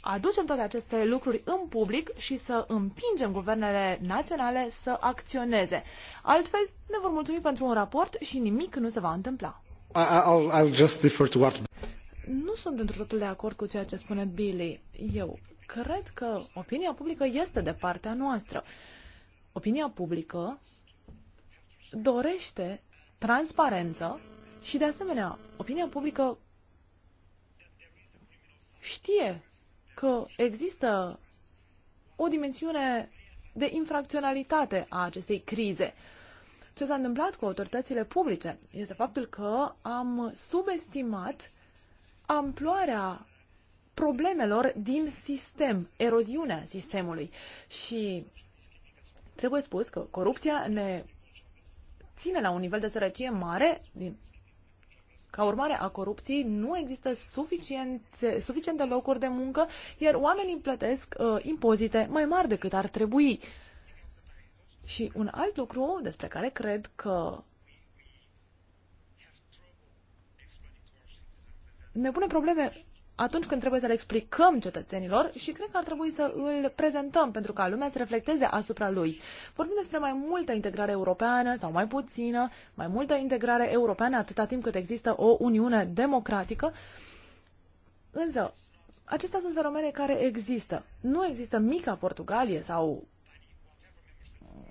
aducem toate aceste lucruri în public și să împingem guvernele naționale să acționeze. Altfel, ne vor mulțumi pentru un raport și nimic nu se va întâmpla. I'll, I'll just defer to what... Nu sunt într totul de acord cu ceea ce spune Billy. Eu cred că opinia publică este de partea noastră. Opinia publică dorește transparență și, de asemenea, opinia publică știe că există o dimensiune de infracționalitate a acestei crize. Ce s-a întâmplat cu autoritățile publice este faptul că am subestimat amploarea problemelor din sistem, eroziunea sistemului. Și trebuie spus că corupția ne ține la un nivel de sărăcie mare din ca urmare a corupției, nu există suficiente, suficiente locuri de muncă, iar oamenii plătesc uh, impozite mai mari decât ar trebui. Și un alt lucru despre care cred că ne pune probleme atunci când trebuie să le explicăm cetățenilor și cred că ar trebui să îl prezentăm pentru ca lumea să reflecteze asupra lui. Vorbim despre mai multă integrare europeană sau mai puțină, mai multă integrare europeană atâta timp cât există o Uniune democratică, însă acestea sunt fenomene care există. Nu există mica Portugalie sau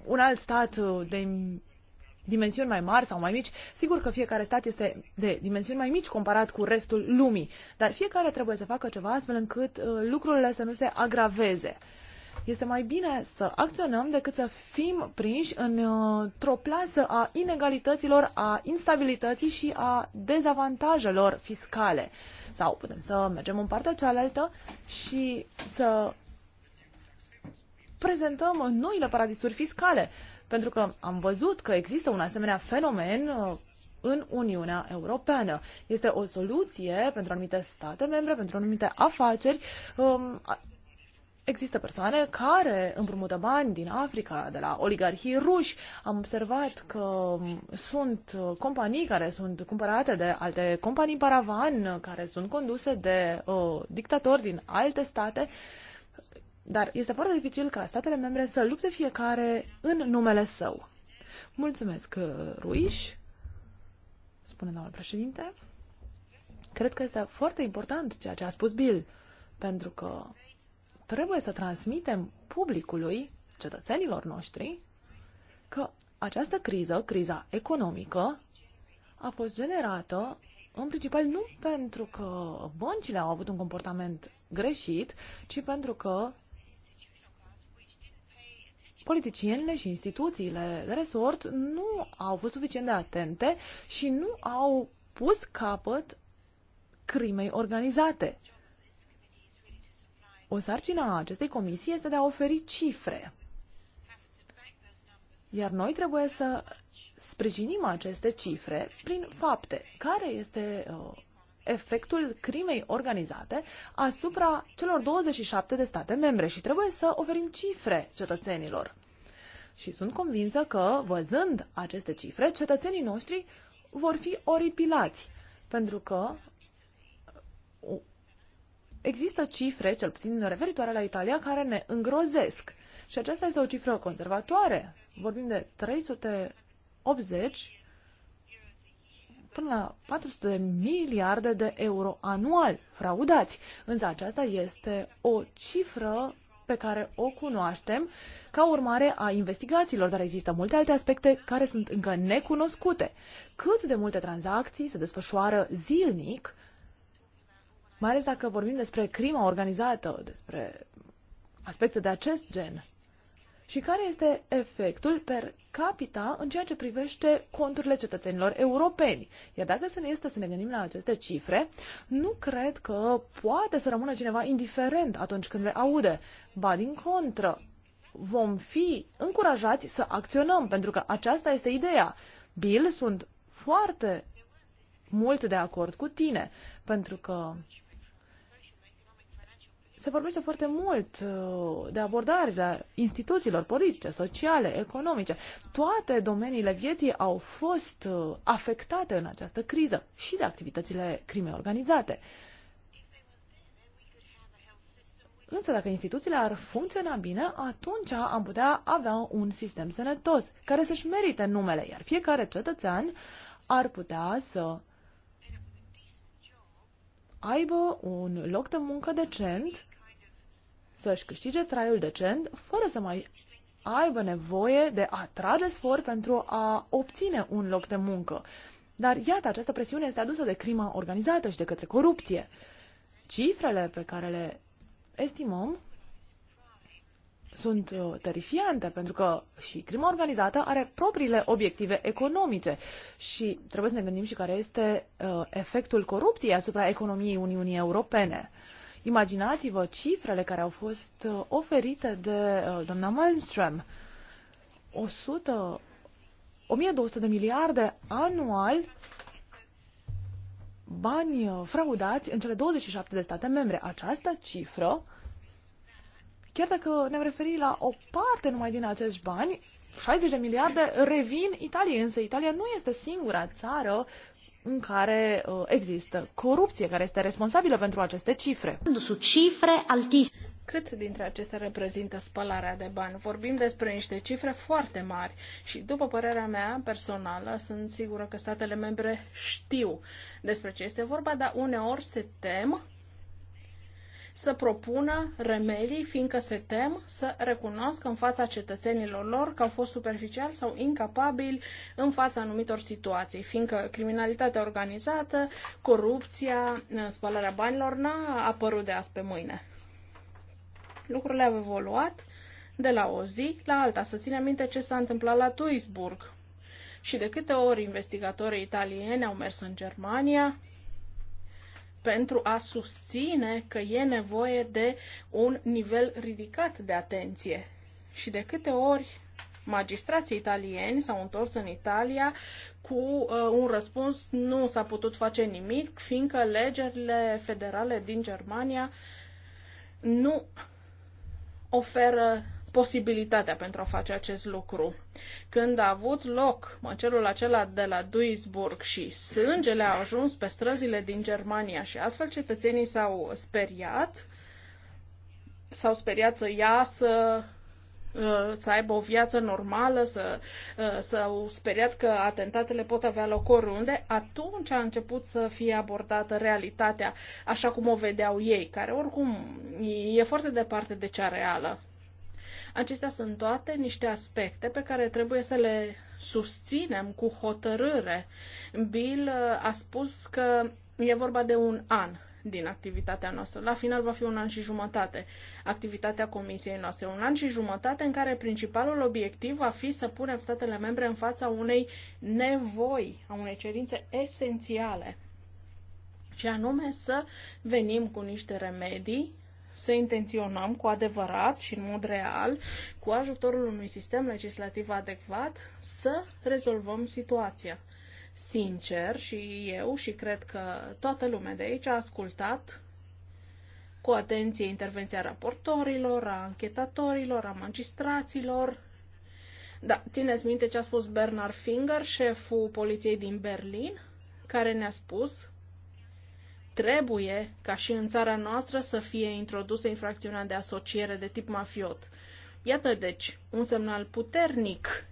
un alt stat de dimensiuni mai mari sau mai mici, sigur că fiecare stat este de dimensiuni mai mici comparat cu restul lumii, dar fiecare trebuie să facă ceva astfel încât uh, lucrurile să nu se agraveze. Este mai bine să acționăm decât să fim prinși uh, într-o plasă a inegalităților, a instabilității și a dezavantajelor fiscale. Sau putem să mergem în partea cealaltă și să prezentăm noile paradisuri fiscale pentru că am văzut că există un asemenea fenomen uh, în Uniunea Europeană. Este o soluție pentru anumite state membre, pentru anumite afaceri. Um, există persoane care împrumută bani din Africa, de la oligarhii ruși. Am observat că um, sunt uh, companii care sunt cumpărate de alte companii paravan, care sunt conduse de uh, dictatori din alte state. Uh, dar este foarte dificil ca statele membre să lupte fiecare în numele său. Mulțumesc, uh, Ruiș, spune domnul președinte. Cred că este foarte important ceea ce a spus Bill, pentru că trebuie să transmitem publicului, cetățenilor noștri, că această criză, criza economică, a fost generată în principal nu pentru că băncile au avut un comportament greșit, ci pentru că politicienile și instituțiile de resort nu au fost suficient de atente și nu au pus capăt crimei organizate. O sarcină a acestei comisii este de a oferi cifre. Iar noi trebuie să sprijinim aceste cifre prin fapte. Care este uh, efectul crimei organizate asupra celor 27 de state membre și trebuie să oferim cifre cetățenilor. Și sunt convinsă că, văzând aceste cifre, cetățenii noștri vor fi oripilați, pentru că există cifre, cel puțin referitoare la Italia, care ne îngrozesc. Și aceasta este o cifră conservatoare. Vorbim de 380 până la 400 de miliarde de euro anual fraudați. Însă aceasta este o cifră pe care o cunoaștem ca urmare a investigațiilor, dar există multe alte aspecte care sunt încă necunoscute. Cât de multe tranzacții se desfășoară zilnic, mai ales dacă vorbim despre crima organizată, despre aspecte de acest gen și care este efectul per capita în ceea ce privește conturile cetățenilor europeni. Iar dacă se ne este să ne gândim la aceste cifre, nu cred că poate să rămână cineva indiferent atunci când le aude. Ba din contră, vom fi încurajați să acționăm, pentru că aceasta este ideea. Bill, sunt foarte mult de acord cu tine, pentru că se vorbește foarte mult uh, de abordarea instituțiilor politice, sociale, economice. Toate domeniile vieții au fost uh, afectate în această criză și de activitățile crime organizate. Însă dacă instituțiile ar funcționa bine, atunci am putea avea un sistem sănătos care să-și merite numele, iar fiecare cetățean ar putea să aibă un loc de muncă decent, să-și câștige traiul decent, fără să mai aibă nevoie de a trage sfor pentru a obține un loc de muncă. Dar iată, această presiune este adusă de crima organizată și de către corupție. Cifrele pe care le estimăm sunt uh, terifiante, pentru că și crima organizată are propriile obiective economice și trebuie să ne gândim și care este uh, efectul corupției asupra economiei Uniunii Europene. Imaginați-vă cifrele care au fost uh, oferite de doamna Malmström. 100, 1200 de miliarde anual bani fraudați în cele 27 de state membre. Această cifră Chiar dacă ne-am referit la o parte numai din acești bani, 60 de miliarde revin Italiei, însă Italia nu este singura țară în care uh, există corupție, care este responsabilă pentru aceste cifre. Sunt cifre altiste. Cât dintre acestea reprezintă spălarea de bani? Vorbim despre niște cifre foarte mari și, după părerea mea personală, sunt sigură că statele membre știu despre ce este vorba, dar uneori se tem să propună remedii, fiindcă se tem să recunoască în fața cetățenilor lor că au fost superficiali sau incapabili în fața anumitor situații, fiindcă criminalitatea organizată, corupția, spălarea banilor n-a apărut de azi pe mâine. Lucrurile au evoluat de la o zi la alta. Să ținem minte ce s-a întâmplat la Duisburg. Și de câte ori investigatorii italieni au mers în Germania, pentru a susține că e nevoie de un nivel ridicat de atenție. Și de câte ori magistrații italieni s-au întors în Italia cu uh, un răspuns nu s-a putut face nimic, fiindcă legerile federale din Germania nu oferă posibilitatea pentru a face acest lucru. Când a avut loc măcelul acela de la Duisburg și sângele a ajuns pe străzile din Germania și astfel cetățenii s-au speriat, s-au speriat să iasă, uh, să aibă o viață normală, să, uh, s-au speriat că atentatele pot avea loc oriunde, atunci a început să fie abordată realitatea așa cum o vedeau ei, care oricum e foarte departe de cea reală. Acestea sunt toate niște aspecte pe care trebuie să le susținem cu hotărâre. Bill uh, a spus că e vorba de un an din activitatea noastră. La final va fi un an și jumătate activitatea comisiei noastre. Un an și jumătate în care principalul obiectiv va fi să punem statele membre în fața unei nevoi, a unei cerințe esențiale. Și anume să venim cu niște remedii să intenționăm cu adevărat și în mod real, cu ajutorul unui sistem legislativ adecvat, să rezolvăm situația. Sincer, și eu și cred că toată lumea de aici a ascultat cu atenție intervenția raportorilor, a anchetatorilor, a magistraților. Da, țineți minte ce a spus Bernard Finger, șeful poliției din Berlin, care ne-a spus Trebuie, ca și în țara noastră, să fie introdusă infracțiunea de asociere de tip mafiot. Iată, deci, un semnal puternic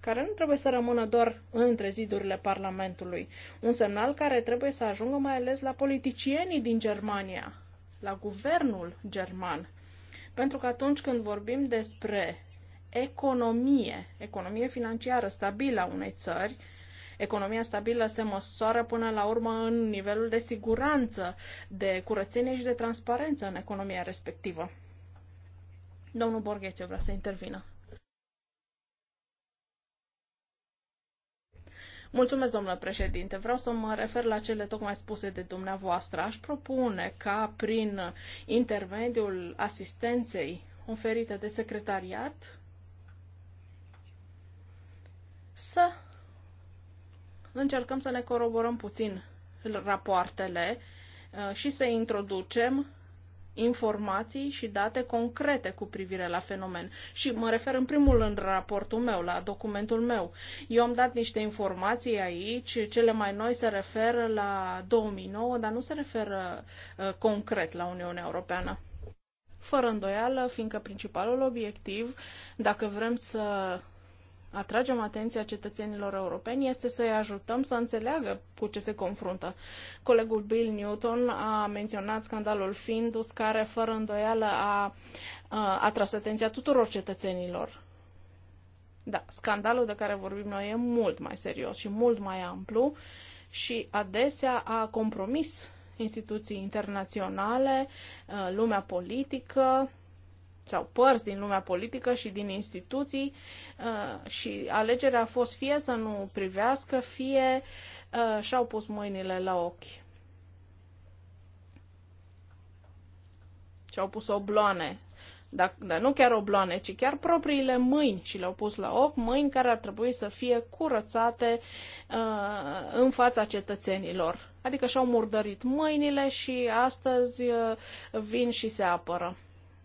care nu trebuie să rămână doar între zidurile Parlamentului. Un semnal care trebuie să ajungă mai ales la politicienii din Germania, la guvernul german. Pentru că atunci când vorbim despre economie, economie financiară stabilă a unei țări, Economia stabilă se măsoară până la urmă în nivelul de siguranță, de curățenie și de transparență în economia respectivă. Domnul Borghețe vrea să intervină. Mulțumesc, domnule președinte. Vreau să mă refer la cele tocmai spuse de dumneavoastră. Aș propune ca prin intermediul asistenței oferite de secretariat să încercăm să ne coroborăm puțin rapoartele uh, și să introducem informații și date concrete cu privire la fenomen. Și mă refer în primul rând la raportul meu, la documentul meu. Eu am dat niște informații aici, cele mai noi se referă la 2009, dar nu se referă uh, concret la Uniunea Europeană. Fără îndoială, fiindcă principalul obiectiv, dacă vrem să atragem atenția cetățenilor europeni este să-i ajutăm să înțeleagă cu ce se confruntă. Colegul Bill Newton a menționat scandalul Findus, care fără îndoială a, a atras atenția tuturor cetățenilor. Da, scandalul de care vorbim noi e mult mai serios și mult mai amplu și adesea a compromis instituții internaționale, lumea politică, sau părți din lumea politică și din instituții uh, și alegerea a fost fie să nu privească, fie uh, și-au pus mâinile la ochi. Și-au pus obloane, dar, dar nu chiar obloane, ci chiar propriile mâini și le-au pus la ochi, mâini care ar trebui să fie curățate uh, în fața cetățenilor. Adică și-au murdărit mâinile și astăzi uh, vin și se apără.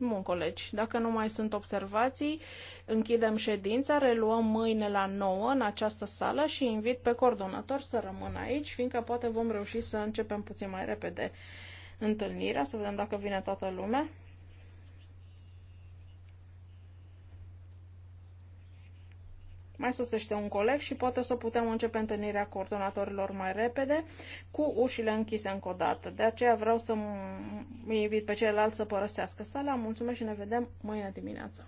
Bun, colegi, dacă nu mai sunt observații, închidem ședința, reluăm mâine la 9 în această sală și invit pe coordonator să rămână aici, fiindcă poate vom reuși să începem puțin mai repede întâlnirea, să vedem dacă vine toată lumea. Mai sosește un coleg și poate o să putem începe întâlnirea coordonatorilor mai repede, cu ușile închise încă o dată. De aceea vreau să invit pe ceilalți să părăsească sala. Mulțumesc și ne vedem mâine dimineață.